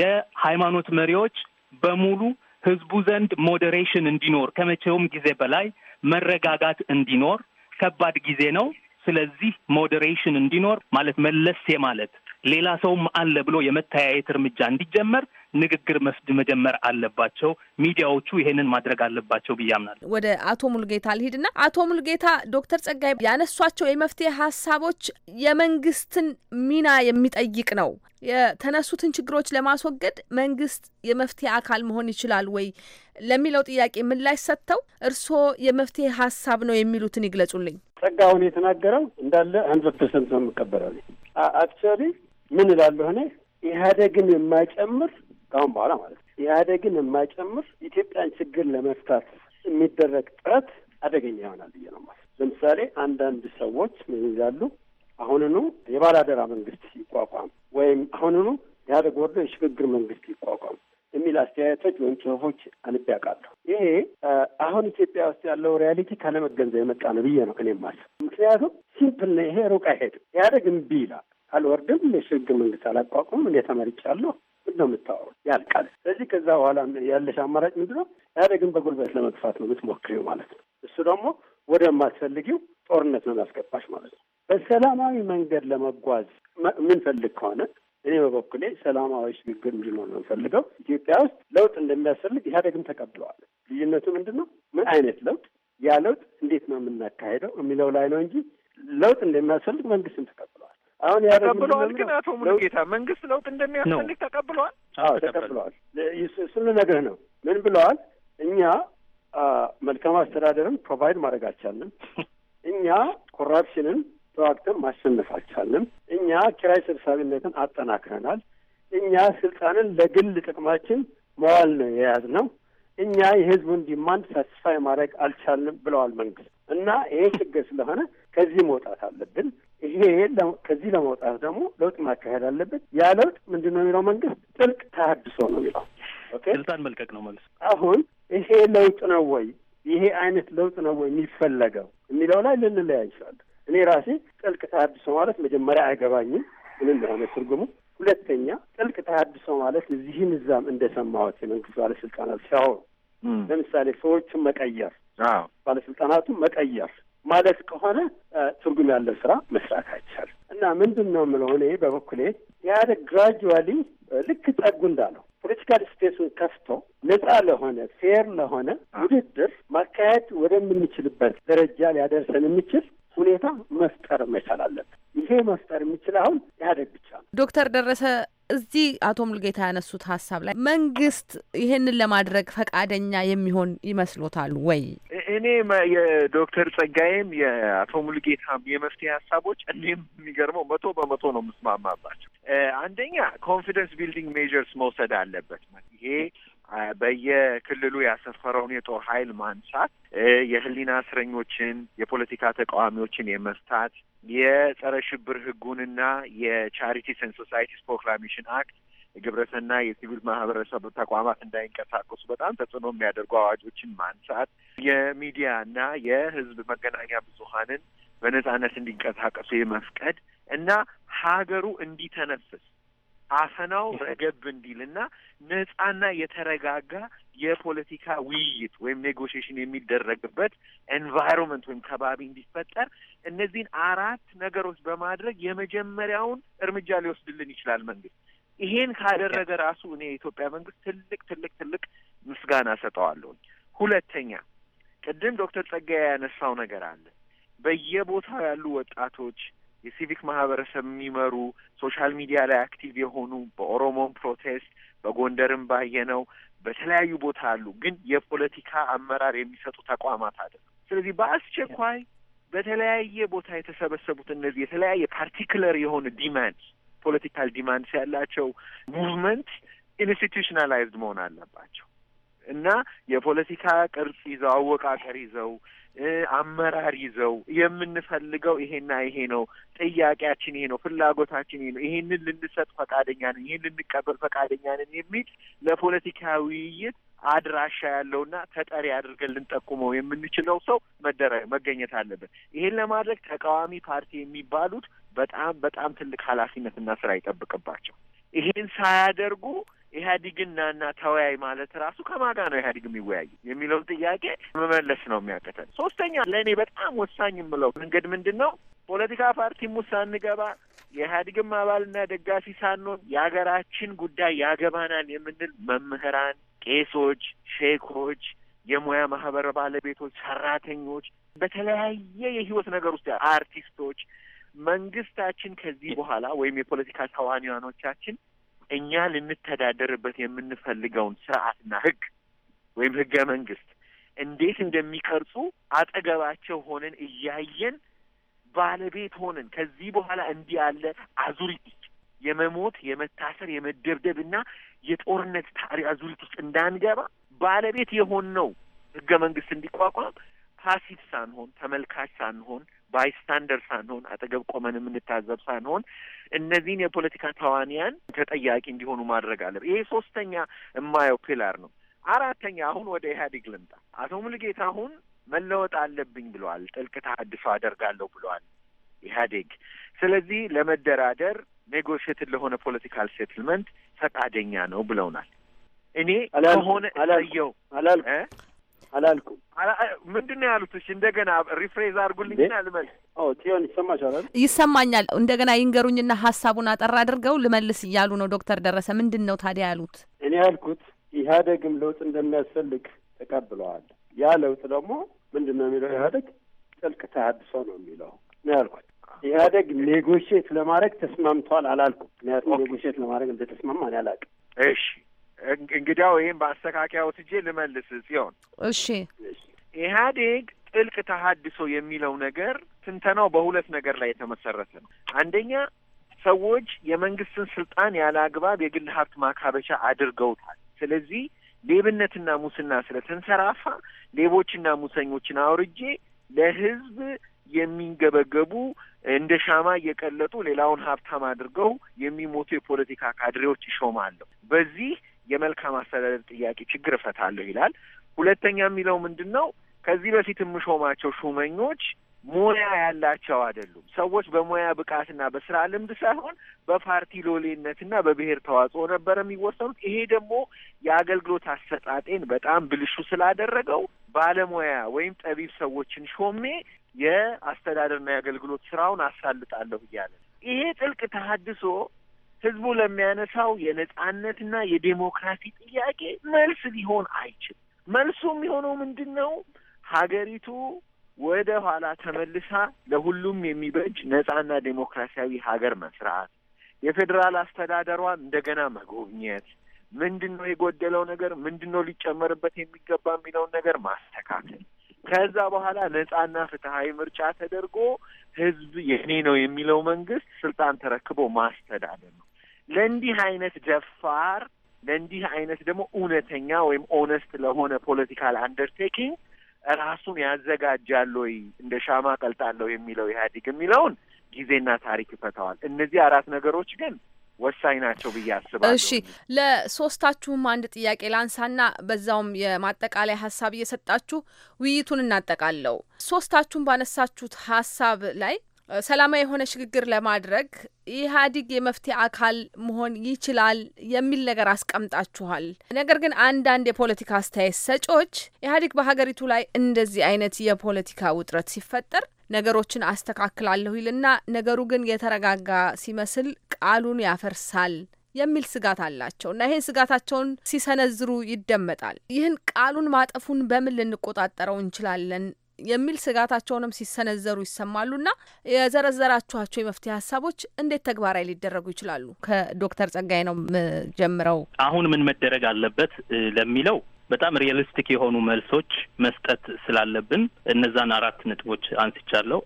የሃይማኖት መሪዎች በሙሉ ህዝቡ ዘንድ ሞዴሬሽን እንዲኖር ከመቼውም ጊዜ በላይ መረጋጋት እንዲኖር ከባድ ጊዜ ነው። ስለዚህ ሞዴሬሽን እንዲኖር ማለት መለስ ማለት ሌላ ሰውም አለ ብሎ የመተያየት እርምጃ እንዲጀመር ንግግር መስድ መጀመር አለባቸው። ሚዲያዎቹ ይሄንን ማድረግ አለባቸው ብዬ አምናለሁ። ወደ አቶ ሙልጌታ ልሂድና አቶ ሙልጌታ ዶክተር ጸጋይ ያነሷቸው የመፍትሄ ሀሳቦች የመንግስትን ሚና የሚጠይቅ ነው። የተነሱትን ችግሮች ለማስወገድ መንግስት የመፍትሄ አካል መሆን ይችላል ወይ? ለሚለው ጥያቄ ምላሽ ሰጥተው እርስዎ የመፍትሄ ሀሳብ ነው የሚሉትን ይግለጹልኝ። ጸጋውን የተናገረው እንዳለ ሀንድረድ ፐርሰንት ነው የምቀበለው። አክቹዋሊ ምን እላለሁ እኔ ኢህአዴግን የማይጨምር ከአሁን በኋላ ማለት ነው ኢህአዴግን የማይጨምር ኢትዮጵያን ችግር ለመፍታት የሚደረግ ጥረት አደገኛ ይሆናል ብዬ ነው ማለት። ለምሳሌ አንዳንድ ሰዎች ምን ይላሉ? አሁንኑ የባለአደራ መንግስት ይቋቋም ወይም አሁንኑ ኢህአዴግ ወርዶ የሽግግር መንግስት ይቋቋም የሚል አስተያየቶች ወይም ጽሁፎች አንቤ ያውቃለሁ። ይሄ አሁን ኢትዮጵያ ውስጥ ያለው ሪያሊቲ ካለመገንዘብ የመጣ ነው ብዬ ነው እኔ የማስበው። ምክንያቱም ሲምፕል ነው። ይሄ ሩቅ አይሄድም። ኢህአዴግ እምቢ ይላል። አልወርድም፣ የሽግግር መንግስት አላቋቁም፣ እንደ ተመርጫለሁ ነው የምታወሩ ያልቃል። ስለዚህ ከዛ በኋላ ያለሽ አማራጭ ምንድ ነው? ኢህአዴግን በጉልበት ለመግፋት ነው የምትሞክሪው ማለት ነው። እሱ ደግሞ ወደ ወደማትፈልጊው ጦርነት ነው የሚያስገባሽ ማለት ነው። በሰላማዊ መንገድ ለመጓዝ ምንፈልግ ከሆነ እኔ በበኩሌ ሰላማዊ ሽግግር እንዲኖር ነው ፈልገው። ኢትዮጵያ ውስጥ ለውጥ እንደሚያስፈልግ ኢህአዴግም ተቀብለዋል። ልዩነቱ ምንድን ነው? ምን አይነት ለውጥ፣ ያ ለውጥ እንዴት ነው የምናካሄደው የሚለው ላይ ነው እንጂ ለውጥ እንደሚያስፈልግ መንግስትም ተቀብለዋል። አሁን ተቀብለዋል። ግን አቶ ሙሉጌታ መንግስት ለውጥ እንደሚያስፈልግ ተቀብለዋል። አዎ ተቀብለዋል። ስሉ ነገር ነው። ምን ብለዋል? እኛ መልካም አስተዳደርን ፕሮቫይድ ማድረግ አልቻልንም። እኛ ኮራፕሽንን ተዋግተን ማሸነፍ አልቻለም። እኛ ኪራይ ሰብሳቢነትን አጠናክረናል። እኛ ስልጣንን ለግል ጥቅማችን መዋል ነው የያዝነው። እኛ የህዝቡን ዲማንድ ሳቲስፋይ ማድረግ አልቻልንም ብለዋል መንግስት እና ይሄ ችግር ስለሆነ ከዚህ መውጣት አለብን። ይሄ ከዚህ ለመውጣት ደግሞ ለውጥ ማካሄድ አለብን። ያ ለውጥ ምንድን ነው የሚለው መንግስት ጥልቅ ተሀድሶ ነው የሚለው ስልጣን መልቀቅ ነው መልስ። አሁን ይሄ ለውጥ ነው ወይ ይሄ አይነት ለውጥ ነው ወይ የሚፈለገው የሚለው ላይ ልንለያይ ይችላል። እኔ ራሴ ጥልቅ ተሀድሶ ማለት መጀመሪያ አይገባኝም ምን እንደሆነ ትርጉሙ። ሁለተኛ ጥልቅ ተሀድሶ ማለት እዚህም እዛም እንደሰማሁት የመንግስት ባለስልጣናት ሲያወሩ ለምሳሌ ሰዎችን መቀየር፣ ባለስልጣናቱን መቀየር ማለት ከሆነ ትርጉም ያለው ስራ መስራት አይቻልም። እና ምንድን ነው የምለው እኔ በበኩሌ ኢህአዴግ ግራጁዋሊ ልክ ጸጉ እንዳለው ፖለቲካል ስፔሱን ከፍቶ ነጻ ለሆነ ፌር ለሆነ ውድድር ማካሄድ ወደምንችልበት ደረጃ ሊያደርሰን የሚችል ሁኔታ መፍጠር መቻል አለብን። ይሄ መፍጠር የሚችል አሁን ኢህአዴግ ብቻ ነው። ዶክተር ደረሰ እዚህ አቶ ሙልጌታ ያነሱት ሀሳብ ላይ መንግስት ይሄንን ለማድረግ ፈቃደኛ የሚሆን ይመስሎታል ወይ? እኔ የዶክተር ጸጋዬም የአቶ ሙልጌታም የመፍትሄ ሀሳቦች እኔም የሚገርመው መቶ በመቶ ነው የምስማማባቸው። አንደኛ ኮንፊደንስ ቢልዲንግ ሜዥርስ መውሰድ አለበት። ይሄ በየክልሉ ያሰፈረውን የጦር ኃይል ማንሳት፣ የህሊና እስረኞችን፣ የፖለቲካ ተቃዋሚዎችን የመፍታት የጸረ ሽብር ህጉንና የቻሪቲስ ኤንድ ሶሳይቲስ ፕሮክላሜሽን አክት የግብረሰና የሲቪል ማህበረሰብ ተቋማት እንዳይንቀሳቀሱ በጣም ተጽዕኖ የሚያደርጉ አዋጆችን ማንሳት፣ የሚዲያና የህዝብ መገናኛ ብዙሀንን በነጻነት እንዲንቀሳቀሱ የመፍቀድ እና ሀገሩ እንዲተነፍስ አፈናው ረገብ እንዲልና ነጻና የተረጋጋ የፖለቲካ ውይይት ወይም ኔጎሽሽን የሚደረግበት ኤንቫይሮንመንት ወይም ከባቢ እንዲፈጠር እነዚህን አራት ነገሮች በማድረግ የመጀመሪያውን እርምጃ ሊወስድልን ይችላል መንግስት። ይሄን ካደረገ ራሱ እኔ የኢትዮጵያ መንግስት ትልቅ ትልቅ ትልቅ ምስጋና ሰጠዋለሁ። ሁለተኛ ቅድም ዶክተር ጸጋዬ ያነሳው ነገር አለ። በየቦታው ያሉ ወጣቶች የሲቪክ ማህበረሰብ የሚመሩ ሶሻል ሚዲያ ላይ አክቲቭ የሆኑ በኦሮሞን ፕሮቴስት በጎንደርም ባየነው በተለያዩ ቦታ አሉ። ግን የፖለቲካ አመራር የሚሰጡ ተቋማት አይደለም። ስለዚህ በአስቸኳይ በተለያየ ቦታ የተሰበሰቡት እነዚህ የተለያየ ፓርቲክለር የሆነ ዲማንድ ፖለቲካል ዲማንድስ ያላቸው ሙቭመንት ኢንስቲቱሽናላይዝድ መሆን አለባቸው እና የፖለቲካ ቅርጽ ይዘው አወቃቀር ይዘው አመራር ይዘው የምንፈልገው ይሄና ይሄ ነው፣ ጥያቄያችን ይሄ ነው፣ ፍላጎታችን ይሄ ነው፣ ይሄንን ልንሰጥ ፈቃደኛ ነን፣ ይሄን ልንቀበል ፈቃደኛ ነን የሚል ለፖለቲካ ውይይት አድራሻ ያለውና ተጠሪ አድርገን ልንጠቁመው የምንችለው ሰው መደረ መገኘት አለበት። ይሄን ለማድረግ ተቃዋሚ ፓርቲ የሚባሉት በጣም በጣም ትልቅ ኃላፊነትና ስራ ይጠብቅባቸው። ይሄን ሳያደርጉ ኢህአዲግና ናና ተወያይ ማለት ራሱ ከማጋ ነው ኢህአዲግ የሚወያይ የሚለውን ጥያቄ መመለስ ነው የሚያቀተን። ሶስተኛ ለእኔ በጣም ወሳኝ የምለው መንገድ ምንድን ነው? ፖለቲካ ፓርቲም ውስጥ ሳንገባ የኢህአዲግም አባልና ደጋፊ ሳንሆን የሀገራችን ጉዳይ ያገባናል የምንል መምህራን፣ ቄሶች፣ ሼኮች፣ የሙያ ማህበር ባለቤቶች፣ ሰራተኞች፣ በተለያየ የህይወት ነገር ውስጥ አርቲስቶች መንግስታችን ከዚህ በኋላ ወይም የፖለቲካ ተዋንያኖቻችን እኛ ልንተዳደርበት የምንፈልገውን ስርዓትና ህግ ወይም ህገ መንግስት እንዴት እንደሚቀርጹ አጠገባቸው ሆነን እያየን ባለቤት ሆነን ከዚህ በኋላ እንዲህ ያለ አዙሪት የመሞት የመታሰር የመደብደብ እና የጦርነት ታሪ አዙሪት ውስጥ እንዳንገባ ባለቤት ነው ህገ መንግስት እንዲቋቋም ፓሲቭ ሳንሆን ተመልካች ሳንሆን ባይስታንደር ሳንሆን አጠገብ ቆመን የምንታዘብ ሳንሆን እነዚህን የፖለቲካ ተዋንያን ተጠያቂ እንዲሆኑ ማድረግ አለ። ይሄ ሶስተኛ የማየው ፒላር ነው። አራተኛ አሁን ወደ ኢህአዴግ ልምጣ። አቶ ሙሉጌታ አሁን መለወጥ አለብኝ ብለዋል። ጥልቅ ተሀድሶ አደርጋለሁ ብለዋል ኢህአዴግ። ስለዚህ ለመደራደር ኔጎሽትን ለሆነ ፖለቲካል ሴትልመንት ፈቃደኛ ነው ብለውናል። እኔ ከሆነ እሰየው አላልኩም። ምንድን ነው ያሉት? እሺ እንደገና ሪፍሬዝ አድርጉልኝና ልመልስ። ጽዮን ይሰማሻል? ይሰማኛል። እንደገና ይንገሩኝና ሀሳቡን አጠር አድርገው ልመልስ እያሉ ነው ዶክተር ደረሰ። ምንድን ነው ታዲያ ያሉት? እኔ ያልኩት ኢህአዴግም ለውጥ እንደሚያስፈልግ ተቀብለዋል። ያ ለውጥ ደግሞ ምንድን ነው የሚለው ኢህአዴግ ጥልቅ ተሀድሶ ነው የሚለው ነው ያልኩት። ኢህአዴግ ኔጎሽት ለማድረግ ተስማምቷል አላልኩም። ምክንያቱም ኔጎሽት ለማድረግ እንደተስማማ እኔ አላውቅም። እሺ እንግዲያው ይህም በአስተካከያው ትጄ ልመልስ ጽዮን። እሺ ኢህአዴግ ጥልቅ ተሀድሶ የሚለው ነገር ትንተናው በሁለት ነገር ላይ የተመሰረተ ነው። አንደኛ ሰዎች የመንግስትን ስልጣን ያለ አግባብ የግል ሀብት ማካበቻ አድርገውታል። ስለዚህ ሌብነትና ሙስና ስለተንሰራፋ ሌቦችና ሙሰኞችን አውርጄ ለህዝብ የሚንገበገቡ እንደ ሻማ እየቀለጡ ሌላውን ሀብታም አድርገው የሚሞቱ የፖለቲካ ካድሬዎች ይሾማለሁ። በዚህ የመልካም አስተዳደር ጥያቄ ችግር እፈታለሁ ይላል። ሁለተኛ የሚለው ምንድን ነው? ከዚህ በፊት የምሾማቸው ሹመኞች ሙያ ያላቸው አይደሉም። ሰዎች በሙያ ብቃትና በስራ ልምድ ሳይሆን በፓርቲ ሎሌነትና በብሔር ተዋጽኦ ነበር የሚወሰኑት። ይሄ ደግሞ የአገልግሎት አሰጣጤን በጣም ብልሹ ስላደረገው ባለሙያ ወይም ጠቢብ ሰዎችን ሾሜ የአስተዳደርና የአገልግሎት ስራውን አሳልጣለሁ እያለ ይሄ ጥልቅ ተሀድሶ ህዝቡ ለሚያነሳው የነጻነትና የዴሞክራሲ ጥያቄ መልስ ሊሆን አይችልም። መልሱ የሚሆነው ምንድን ነው? ሀገሪቱ ወደ ኋላ ተመልሳ ለሁሉም የሚበጅ ነጻና ዴሞክራሲያዊ ሀገር መስራት፣ የፌዴራል አስተዳደሯን እንደገና መጎብኘት፣ ምንድን ነው የጎደለው ነገር፣ ምንድን ነው ሊጨመርበት የሚገባ የሚለውን ነገር ማስተካከል፣ ከዛ በኋላ ነጻና ፍትሀዊ ምርጫ ተደርጎ ህዝብ የኔ ነው የሚለው መንግስት ስልጣን ተረክቦ ማስተዳደር ነው። ለእንዲህ አይነት ደፋር ለእንዲህ አይነት ደግሞ እውነተኛ ወይም ኦነስት ለሆነ ፖለቲካል አንደርቴኪንግ ራሱን ያዘጋጃል ወይ እንደ ሻማ ቀልጣለሁ የሚለው ኢህአዴግ የሚለውን ጊዜና ታሪክ ይፈታዋል። እነዚህ አራት ነገሮች ግን ወሳኝ ናቸው ብዬ አስባለሁ። እሺ ለሶስታችሁም አንድ ጥያቄ ላንሳና በዛውም የማጠቃለያ ሀሳብ እየሰጣችሁ ውይይቱን እናጠቃለው። ሶስታችሁም ባነሳችሁት ሀሳብ ላይ ሰላማዊ የሆነ ሽግግር ለማድረግ ኢህአዲግ የመፍትሄ አካል መሆን ይችላል የሚል ነገር አስቀምጣችኋል። ነገር ግን አንዳንድ የፖለቲካ አስተያየት ሰጪዎች ኢህአዲግ በሀገሪቱ ላይ እንደዚህ አይነት የፖለቲካ ውጥረት ሲፈጠር ነገሮችን አስተካክላለሁ ይልና ነገሩ ግን የተረጋጋ ሲመስል ቃሉን ያፈርሳል የሚል ስጋት አላቸው እና ይህን ስጋታቸውን ሲሰነዝሩ ይደመጣል። ይህን ቃሉን ማጠፉን በምን ልንቆጣጠረው እንችላለን የሚል ስጋታቸውንም ሲሰነዘሩ ይሰማሉና የዘረዘራችኋቸው የመፍትሄ ሀሳቦች እንዴት ተግባራዊ ሊደረጉ ይችላሉ? ከዶክተር ጸጋይ ነው ጀምረው። አሁን ምን መደረግ አለበት ለሚለው በጣም ሪያሊስቲክ የሆኑ መልሶች መስጠት ስላለብን እነዛን አራት ነጥቦች አንስቻለሁ።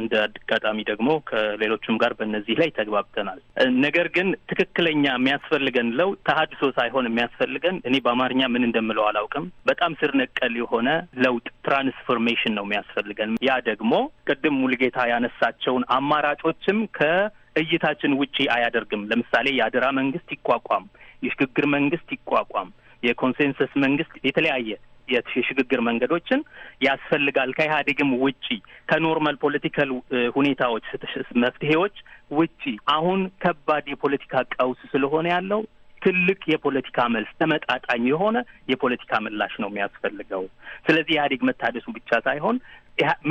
እንደ አጋጣሚ ደግሞ ከሌሎቹም ጋር በእነዚህ ላይ ተግባብተናል። ነገር ግን ትክክለኛ የሚያስፈልገን ለው ተሀድሶ ሳይሆን የሚያስፈልገን እኔ በአማርኛ ምን እንደምለው አላውቅም። በጣም ስር ነቀል የሆነ ለውጥ ትራንስፎርሜሽን ነው የሚያስፈልገን። ያ ደግሞ ቅድም ሙልጌታ ያነሳቸውን አማራጮችም ከእይታችን ውጪ አያደርግም። ለምሳሌ የአደራ መንግስት ይቋቋም፣ የሽግግር መንግስት ይቋቋም የኮንሴንሰስ መንግስት የተለያየ የሽግግር መንገዶችን ያስፈልጋል። ከኢህአዴግም ውጪ ከኖርማል ፖለቲካል ሁኔታዎች መፍትሄዎች ውጪ አሁን ከባድ የፖለቲካ ቀውስ ስለሆነ ያለው ትልቅ የፖለቲካ መልስ ተመጣጣኝ የሆነ የፖለቲካ ምላሽ ነው የሚያስፈልገው። ስለዚህ ኢህአዴግ መታደሱ ብቻ ሳይሆን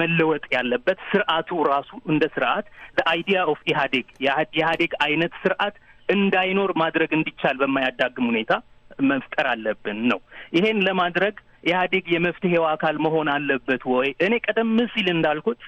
መለወጥ ያለበት ስርዓቱ ራሱ እንደ ስርዓት አይዲያ ኦፍ ኢህአዴግ የኢህአዴግ አይነት ስርዓት እንዳይኖር ማድረግ እንዲቻል በማያዳግም ሁኔታ መፍጠር አለብን ነው። ይሄን ለማድረግ ኢህአዴግ የመፍትሄው አካል መሆን አለበት ወይ? እኔ ቀደም ሲል እንዳልኩት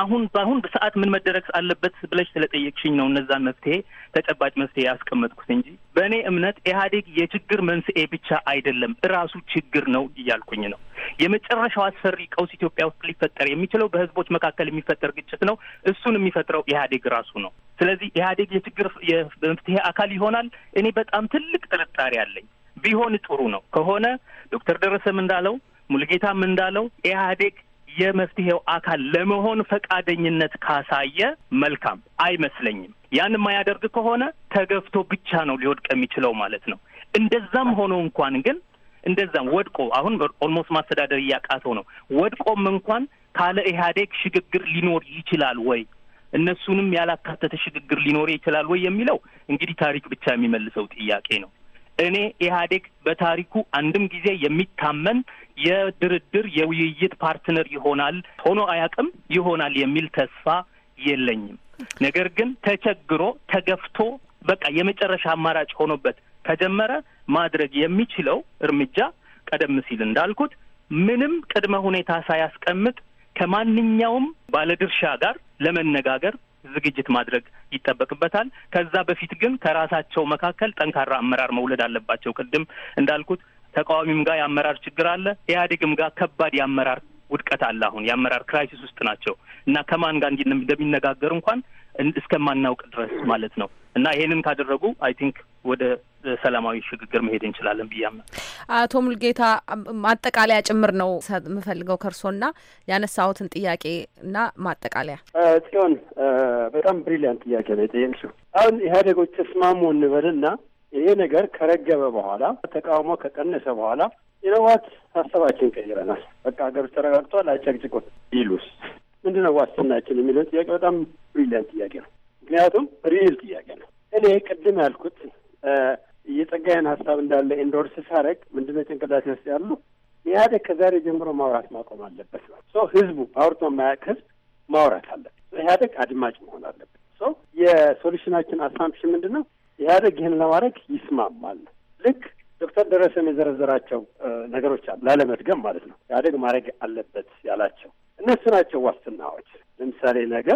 አሁን በአሁን ሰዓት ምን መደረግ አለበት ብለሽ ስለጠየቅሽኝ ነው እነዛን መፍትሄ ተጨባጭ መፍትሄ ያስቀመጥኩት እንጂ በእኔ እምነት ኢህአዴግ የችግር መንስኤ ብቻ አይደለም፣ እራሱ ችግር ነው እያልኩኝ ነው። የመጨረሻው አስፈሪ ቀውስ ኢትዮጵያ ውስጥ ሊፈጠር የሚችለው በህዝቦች መካከል የሚፈጠር ግጭት ነው። እሱን የሚፈጥረው ኢህአዴግ ራሱ ነው። ስለዚህ ኢህአዴግ የችግር የመፍትሄ አካል ይሆናል፣ እኔ በጣም ትልቅ ጥርጣሬ አለኝ። ቢሆን ጥሩ ነው። ከሆነ ዶክተር ደረሰም እንዳለው ሙልጌታም እንዳለው ኢህአዴግ የመፍትሄው አካል ለመሆን ፈቃደኝነት ካሳየ መልካም አይመስለኝም። ያን የማያደርግ ከሆነ ተገፍቶ ብቻ ነው ሊወድቅ የሚችለው ማለት ነው። እንደዛም ሆኖ እንኳን ግን እንደዛም ወድቆ አሁን ኦልሞስት ማስተዳደር እያቃተው ነው። ወድቆም እንኳን ካለ ኢህአዴግ ሽግግር ሊኖር ይችላል ወይ እነሱንም ያላካተተ ሽግግር ሊኖር ይችላል ወይ የሚለው እንግዲህ ታሪክ ብቻ የሚመልሰው ጥያቄ ነው። እኔ ኢህአዴግ በታሪኩ አንድም ጊዜ የሚታመን የድርድር የውይይት ፓርትነር ይሆናል ሆኖ አያውቅም፣ ይሆናል የሚል ተስፋ የለኝም። ነገር ግን ተቸግሮ ተገፍቶ በቃ የመጨረሻ አማራጭ ሆኖበት ከጀመረ ማድረግ የሚችለው እርምጃ ቀደም ሲል እንዳልኩት ምንም ቅድመ ሁኔታ ሳያስቀምጥ ከማንኛውም ባለድርሻ ጋር ለመነጋገር ዝግጅት ማድረግ ይጠበቅበታል። ከዛ በፊት ግን ከራሳቸው መካከል ጠንካራ አመራር መውለድ አለባቸው። ቅድም እንዳልኩት ተቃዋሚም ጋር የአመራር ችግር አለ፣ ኢህአዴግም ጋር ከባድ የአመራር ውድቀት አለ። አሁን የአመራር ክራይሲስ ውስጥ ናቸው እና ከማን ጋር እንደሚነጋገር እንኳን እስከማናውቅ ድረስ ማለት ነው። እና ይሄንን ካደረጉ አይ ቲንክ ወደ ሰላማዊ ሽግግር መሄድ እንችላለን ብያምን። አቶ ሙልጌታ ማጠቃለያ ጭምር ነው የምፈልገው ና ያነሳሁትን ጥያቄ እና ማጠቃለያ። ጽዮን በጣም ብሪሊያንት ጥያቄ ነው የጠየቅሽው። አሁን ኢህአዴጎች ተስማሙ ና ይሄ ነገር ከረገበ በኋላ ተቃውሞ ከቀነሰ በኋላ የነዋት ሀሳባችን ቀይረናል፣ በቃ ሀገር ተረጋግቷል፣ አጨቅጭቆት ይሉስ ምንድን ነው ዋስትናችን የሚለው ጥያቄ በጣም ብሪሊያንት ጥያቄ ነው። ምክንያቱም ሪል ጥያቄ ነው። እኔ ቅድም ያልኩት የጸጋዬን ሀሳብ እንዳለ ኢንዶርስ ሳረግ ምንድነው ጭንቅላት ውስጥ ያሉ ኢህአዴግ ከዛሬ ጀምሮ ማውራት ማቆም አለበት ነው። ሶ ህዝቡ አውርቶ የማያውቅ ህዝብ ማውራት አለበት። ኢህአዴግ አድማጭ መሆን አለበት። ሶ የሶሉሽናችን አሳምፕሽን ምንድን ነው? ኢህአዴግ ይህን ለማድረግ ይስማማል። ልክ ዶክተር ደረሰም የዘረዘራቸው ነገሮች አሉ፣ ላለመድገም ማለት ነው። ኢህአዴግ ማድረግ አለበት ያላቸው እነሱ ናቸው ዋስትናዎች። ለምሳሌ ነገ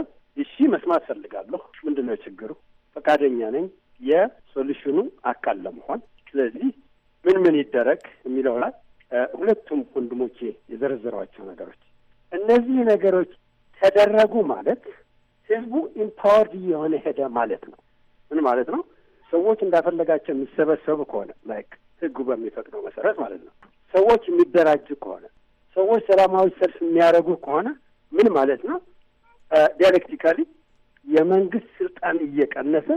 እሺ መስማት ፈልጋለሁ፣ ምንድን ነው ችግሩ? ፈቃደኛ ነኝ የሶሉሽኑ አካል ለመሆን። ስለዚህ ምን ምን ይደረግ የሚለው ላይ ሁለቱም ወንድሞቼ የዘረዘሯቸው ነገሮች እነዚህ ነገሮች ተደረጉ ማለት ህዝቡ ኢምፓወርድ እየሆነ ሄደ ማለት ነው። ምን ማለት ነው? ሰዎች እንዳፈለጋቸው የሚሰበሰቡ ከሆነ ላይክ ህጉ በሚፈቅደው መሰረት ማለት ነው። ሰዎች የሚደራጅ ከሆነ ሰዎች ሰላማዊ ሰልፍ የሚያደርጉ ከሆነ ምን ማለት ነው? ዲያሌክቲካሊ የመንግስት ስልጣን እየቀነሰ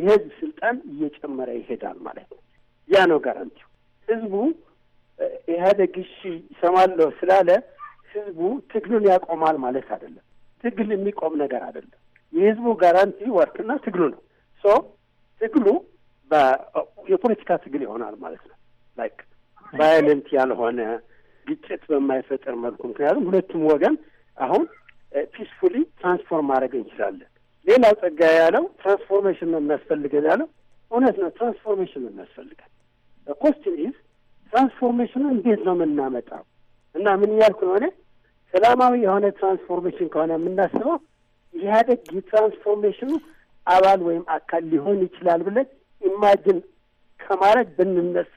የህዝብ ስልጣን እየጨመረ ይሄዳል ማለት ነው። ያ ነው ጋራንቲው። ህዝቡ ኢህአዴግ እሺ ይሰማለሁ ስላለ ህዝቡ ትግሉን ያቆማል ማለት አይደለም። ትግል የሚቆም ነገር አይደለም። የህዝቡ ጋራንቲ ወርክና ትግሉ ነው። ሶ ትግሉ የፖለቲካ ትግል ይሆናል ማለት ነው። ላይክ ቫይለንት ያልሆነ ግጭት በማይፈጠር መልኩ ምክንያቱም ሁለቱም ወገን አሁን ፒስፉሊ ትራንስፎርም ማድረግ እንችላለን። ሌላው ጸጋ ያለው ትራንስፎርሜሽን ነው የሚያስፈልገን ያለው እውነት ነው። ትራንስፎርሜሽን ነው የሚያስፈልገን። ኮስትን ኢዝ ትራንስፎርሜሽኑ እንዴት ነው የምናመጣው? እና ምን እያልኩ እኔ ሰላማዊ የሆነ ትራንስፎርሜሽን ከሆነ የምናስበው ኢህአዴግ የትራንስፎርሜሽኑ አባል ወይም አካል ሊሆን ይችላል ብለን ኢማጅን ከማድረግ ብንነሳ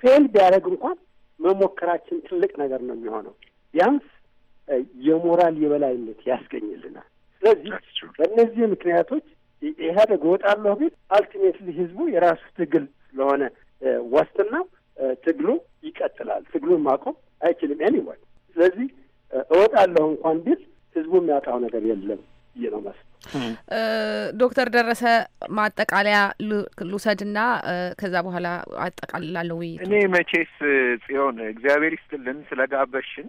ፌል ቢያደርግ እንኳን መሞከራችን ትልቅ ነገር ነው የሚሆነው። ቢያንስ የሞራል የበላይነት ያስገኝልናል። ስለዚህ በእነዚህ ምክንያቶች ኢህአዴግ እወጣለሁ ቢል አልቲሜትሊ ህዝቡ የራሱ ትግል ስለሆነ ዋስትናው ትግሉ ይቀጥላል። ትግሉን ማቆም አይችልም ኤኒዋይ። ስለዚህ እወጣለሁ እንኳን ቢል ህዝቡ የሚያጣው ነገር የለም። ብዬ ነው ዶክተር ደረሰ ማጠቃለያ ልውሰድና ከዛ በኋላ አጠቃልላለሁ። ውይይት እኔ መቼስ ጽዮን እግዚአብሔር ይስጥልን ስለጋበሽን።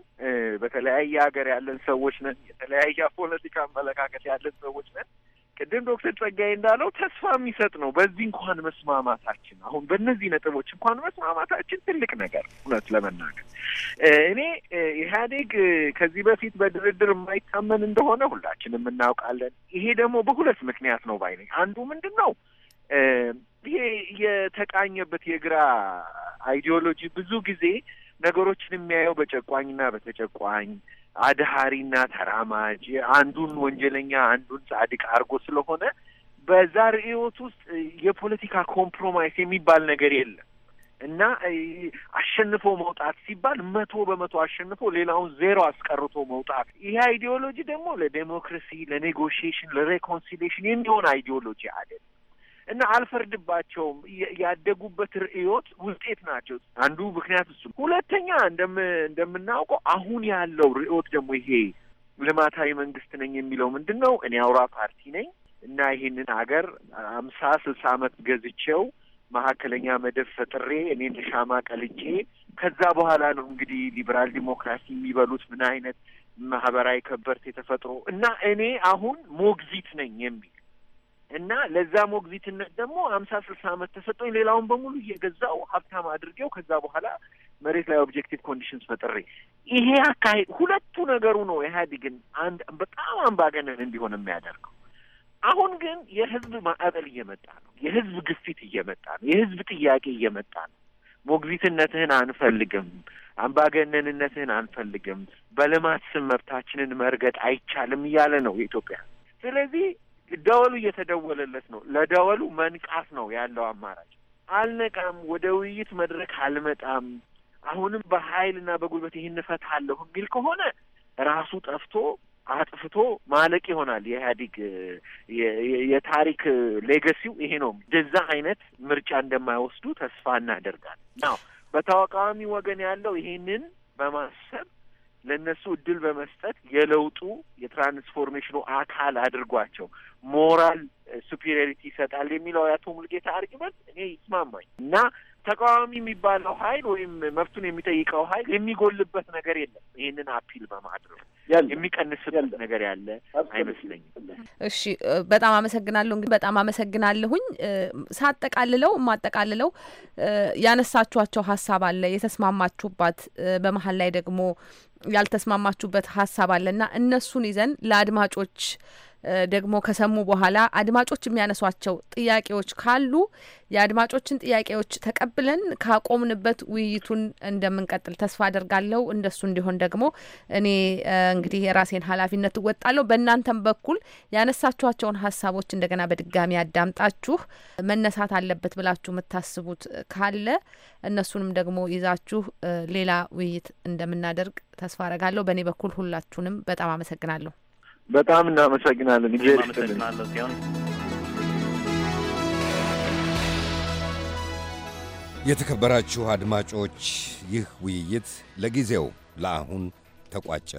በተለያየ ሀገር ያለን ሰዎች ነን። የተለያየ ፖለቲካ አመለካከት ያለን ሰዎች ነን። ቅድም ዶክተር ጸጋዬ እንዳለው ተስፋ የሚሰጥ ነው። በዚህ እንኳን መስማማታችን አሁን በእነዚህ ነጥቦች እንኳን መስማማታችን ትልቅ ነገር፣ እውነት ለመናገር እኔ ኢህአዴግ ከዚህ በፊት በድርድር የማይታመን እንደሆነ ሁላችንም እናውቃለን። ይሄ ደግሞ በሁለት ምክንያት ነው ባይ አንዱ ምንድን ነው ይሄ የተቃኘበት የግራ አይዲዮሎጂ ብዙ ጊዜ ነገሮችን የሚያየው በጨቋኝና በተጨቋኝ አድሃሪና ተራማጅ አንዱን ወንጀለኛ አንዱን ጻድቅ አድርጎ ስለሆነ በዛ ርዕዮት ውስጥ የፖለቲካ ኮምፕሮማይስ የሚባል ነገር የለም እና አሸንፎ መውጣት ሲባል መቶ በመቶ አሸንፎ ሌላውን ዜሮ አስቀርቶ መውጣት። ይሄ አይዲዮሎጂ ደግሞ ለዴሞክራሲ፣ ለኔጎሽሽን፣ ለሬኮንሲሌሽን የሚሆን አይዲዮሎጂ አይደለም። እና አልፈርድባቸውም። ያደጉበት ርእዮት ውጤት ናቸው። አንዱ ምክንያት እሱ። ሁለተኛ እንደም እንደምናውቀው አሁን ያለው ርእዮት ደግሞ ይሄ ልማታዊ መንግስት ነኝ የሚለው ምንድን ነው? እኔ አውራ ፓርቲ ነኝ እና ይሄንን ሀገር አምሳ ስልሳ አመት ገዝቼው መካከለኛ መደብ ፈጥሬ እኔን ሻማ ቀልጬ ከዛ በኋላ ነው እንግዲህ ሊበራል ዲሞክራሲ የሚበሉት ምን አይነት ማህበራዊ ከበርቴ ተፈጥሮ እና እኔ አሁን ሞግዚት ነኝ የሚል እና ለዛ ሞግዚትነት ደግሞ አምሳ ስልሳ ዓመት ተሰጠኝ። ሌላውን በሙሉ እየገዛው ሀብታም አድርጌው ከዛ በኋላ መሬት ላይ ኦብጀክቲቭ ኮንዲሽንስ ፈጥሬ ይሄ አካሄድ ሁለቱ ነገሩ ነው ኢህአዴግን አንድ በጣም አምባገነን እንዲሆን የሚያደርገው። አሁን ግን የህዝብ ማዕበል እየመጣ ነው። የህዝብ ግፊት እየመጣ ነው። የህዝብ ጥያቄ እየመጣ ነው። ሞግዚትነትህን አንፈልግም፣ አምባገነንነትህን አንፈልግም፣ በልማት ስም መብታችንን መርገጥ አይቻልም እያለ ነው የኢትዮጵያ ስለዚህ ደወሉ እየተደወለለት ነው። ለደወሉ መንቃት ነው ያለው አማራጭ። አልነቃም፣ ወደ ውይይት መድረክ አልመጣም፣ አሁንም በኃይልና በጉልበት ይህን እፈታለሁ የሚል ከሆነ ራሱ ጠፍቶ አጥፍቶ ማለቅ ይሆናል። የኢህአዴግ የታሪክ ሌገሲው ይሄ ነው። እንደዛ አይነት ምርጫ እንደማይወስዱ ተስፋ እናደርጋለን። ናው በተቃዋሚ ወገን ያለው ይሄንን በማሰብ ለእነሱ እድል በመስጠት የለውጡ የትራንስፎርሜሽኑ አካል አድርጓቸው ሞራል ሱፒሪዮሪቲ ይሰጣል የሚለው የአቶ ሙልጌታ አርጊመንት እኔ ይስማማኝ እና ተቃዋሚ የሚባለው ኃይል ወይም መብቱን የሚጠይቀው ኃይል የሚጎልበት ነገር የለም። ይህንን አፒል በማድረግ የሚቀንስበት ነገር ያለ አይመስለኝም። እሺ፣ በጣም አመሰግናለሁ። እንግዲህ በጣም አመሰግናለሁኝ። ሳጠቃልለው የማጠቃልለው ያነሳችኋቸው ሀሳብ አለ የተስማማችሁባት፣ በመሀል ላይ ደግሞ ያልተስማማችሁበት ሀሳብ አለ እና እነሱን ይዘን ለአድማጮች ደግሞ ከሰሙ በኋላ አድማጮች የሚያነሷቸው ጥያቄዎች ካሉ የአድማጮችን ጥያቄዎች ተቀብለን ካቆምንበት ውይይቱን እንደምንቀጥል ተስፋ አደርጋለሁ። እንደሱ እንዲሆን ደግሞ እኔ እንግዲህ የራሴን ኃላፊነት እወጣለሁ። በእናንተም በኩል ያነሳችኋቸውን ሀሳቦች እንደገና በድጋሚ አዳምጣችሁ መነሳት አለበት ብላችሁ የምታስቡት ካለ እነሱንም ደግሞ ይዛችሁ ሌላ ውይይት እንደምናደርግ ተስፋ አረጋለሁ። በእኔ በኩል ሁላችሁንም በጣም አመሰግናለሁ። በጣም እናመሰግናለን። የተከበራችሁ አድማጮች ይህ ውይይት ለጊዜው ለአሁን ተቋጨ።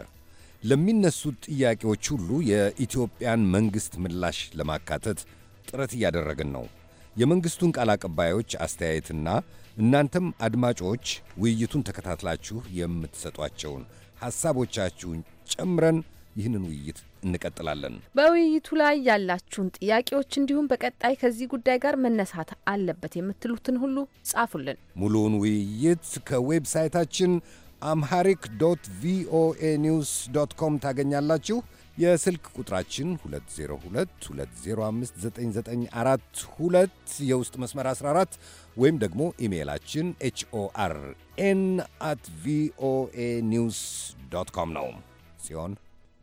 ለሚነሱት ጥያቄዎች ሁሉ የኢትዮጵያን መንግሥት ምላሽ ለማካተት ጥረት እያደረግን ነው። የመንግሥቱን ቃል አቀባዮች አስተያየትና እናንተም አድማጮች ውይይቱን ተከታትላችሁ የምትሰጧቸውን ሐሳቦቻችሁን ጨምረን ይህንን ውይይት እንቀጥላለን። በውይይቱ ላይ ያላችሁን ጥያቄዎች እንዲሁም በቀጣይ ከዚህ ጉዳይ ጋር መነሳት አለበት የምትሉትን ሁሉ ጻፉልን። ሙሉውን ውይይት ከዌብሳይታችን አምሃሪክ ዶት ቪኦኤ ኒውስ ዶት ኮም ታገኛላችሁ። የስልክ ቁጥራችን 2022059942 የውስጥ መስመር 14 ወይም ደግሞ ኢሜይላችን ኤችኦአር ኤን አት ቪኦኤ ኒውስ ዶት ኮም ነው። ጽዮን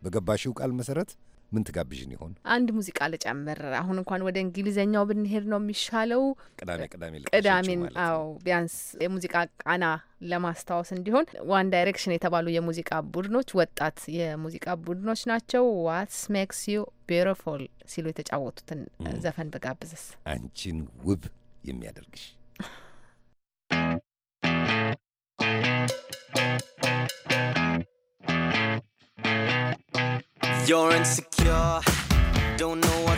በገባሽው ቃል መሰረት ምን ትጋብዥን ይሆን? አንድ ሙዚቃ ልጨምር። አሁን እንኳን ወደ እንግሊዘኛው ብንሄድ ነው የሚሻለው። ቅዳሜ ቅዳሜ ቅዳሜን፣ አዎ ቢያንስ የሙዚቃ ቃና ለማስታወስ እንዲሆን ዋን ዳይሬክሽን የተባሉ የሙዚቃ ቡድኖች ወጣት የሙዚቃ ቡድኖች ናቸው። ዋትስ ሜክስ ዩ ቢዩቲፉል ሲሉ የተጫወቱትን ዘፈን በጋብዘስ አንቺን ውብ የሚያደርግሽ You're insecure, don't know why.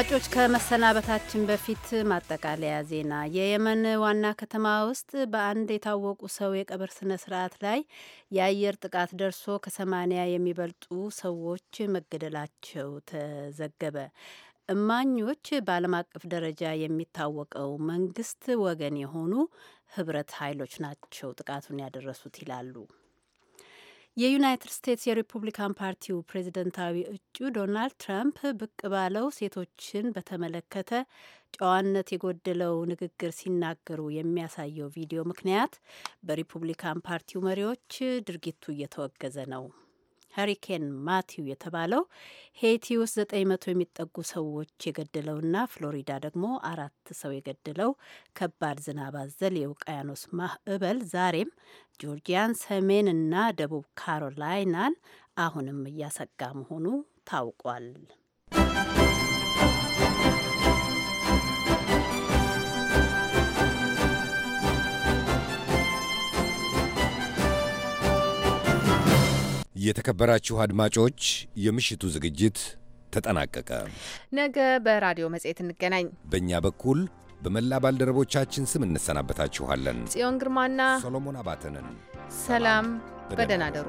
አድማጮች ከመሰናበታችን በፊት ማጠቃለያ ዜና። የየመን ዋና ከተማ ውስጥ በአንድ የታወቁ ሰው የቀብር ስነ ስርዓት ላይ የአየር ጥቃት ደርሶ ከሰማኒያ የሚበልጡ ሰዎች መገደላቸው ተዘገበ። እማኞች በዓለም አቀፍ ደረጃ የሚታወቀው መንግስት ወገን የሆኑ ህብረት ኃይሎች ናቸው ጥቃቱን ያደረሱት ይላሉ። የዩናይትድ ስቴትስ የሪፑብሊካን ፓርቲው ፕሬዚደንታዊ እጩ ዶናልድ ትራምፕ ብቅ ባለው ሴቶችን በተመለከተ ጨዋነት የጎደለው ንግግር ሲናገሩ የሚያሳየው ቪዲዮ ምክንያት በሪፑብሊካን ፓርቲው መሪዎች ድርጊቱ እየተወገዘ ነው። ሀሪኬን ማቲው የተባለው ሄይቲ ውስጥ ዘጠኝ መቶ የሚጠጉ ሰዎች የገደለውና ፍሎሪዳ ደግሞ አራት ሰው የገደለው ከባድ ዝናብ አዘል የውቅያኖስ ማዕበል ዛሬም ጆርጂያን፣ ሰሜንና ደቡብ ካሮላይናን አሁንም እያሰጋ መሆኑ ታውቋል። የተከበራችሁ አድማጮች የምሽቱ ዝግጅት ተጠናቀቀ። ነገ በራዲዮ መጽሔት እንገናኝ። በእኛ በኩል በመላ ባልደረቦቻችን ስም እንሰናበታችኋለን። ጽዮን ግርማና ሶሎሞን አባተንን ሰላም፣ በደህና አደሩ።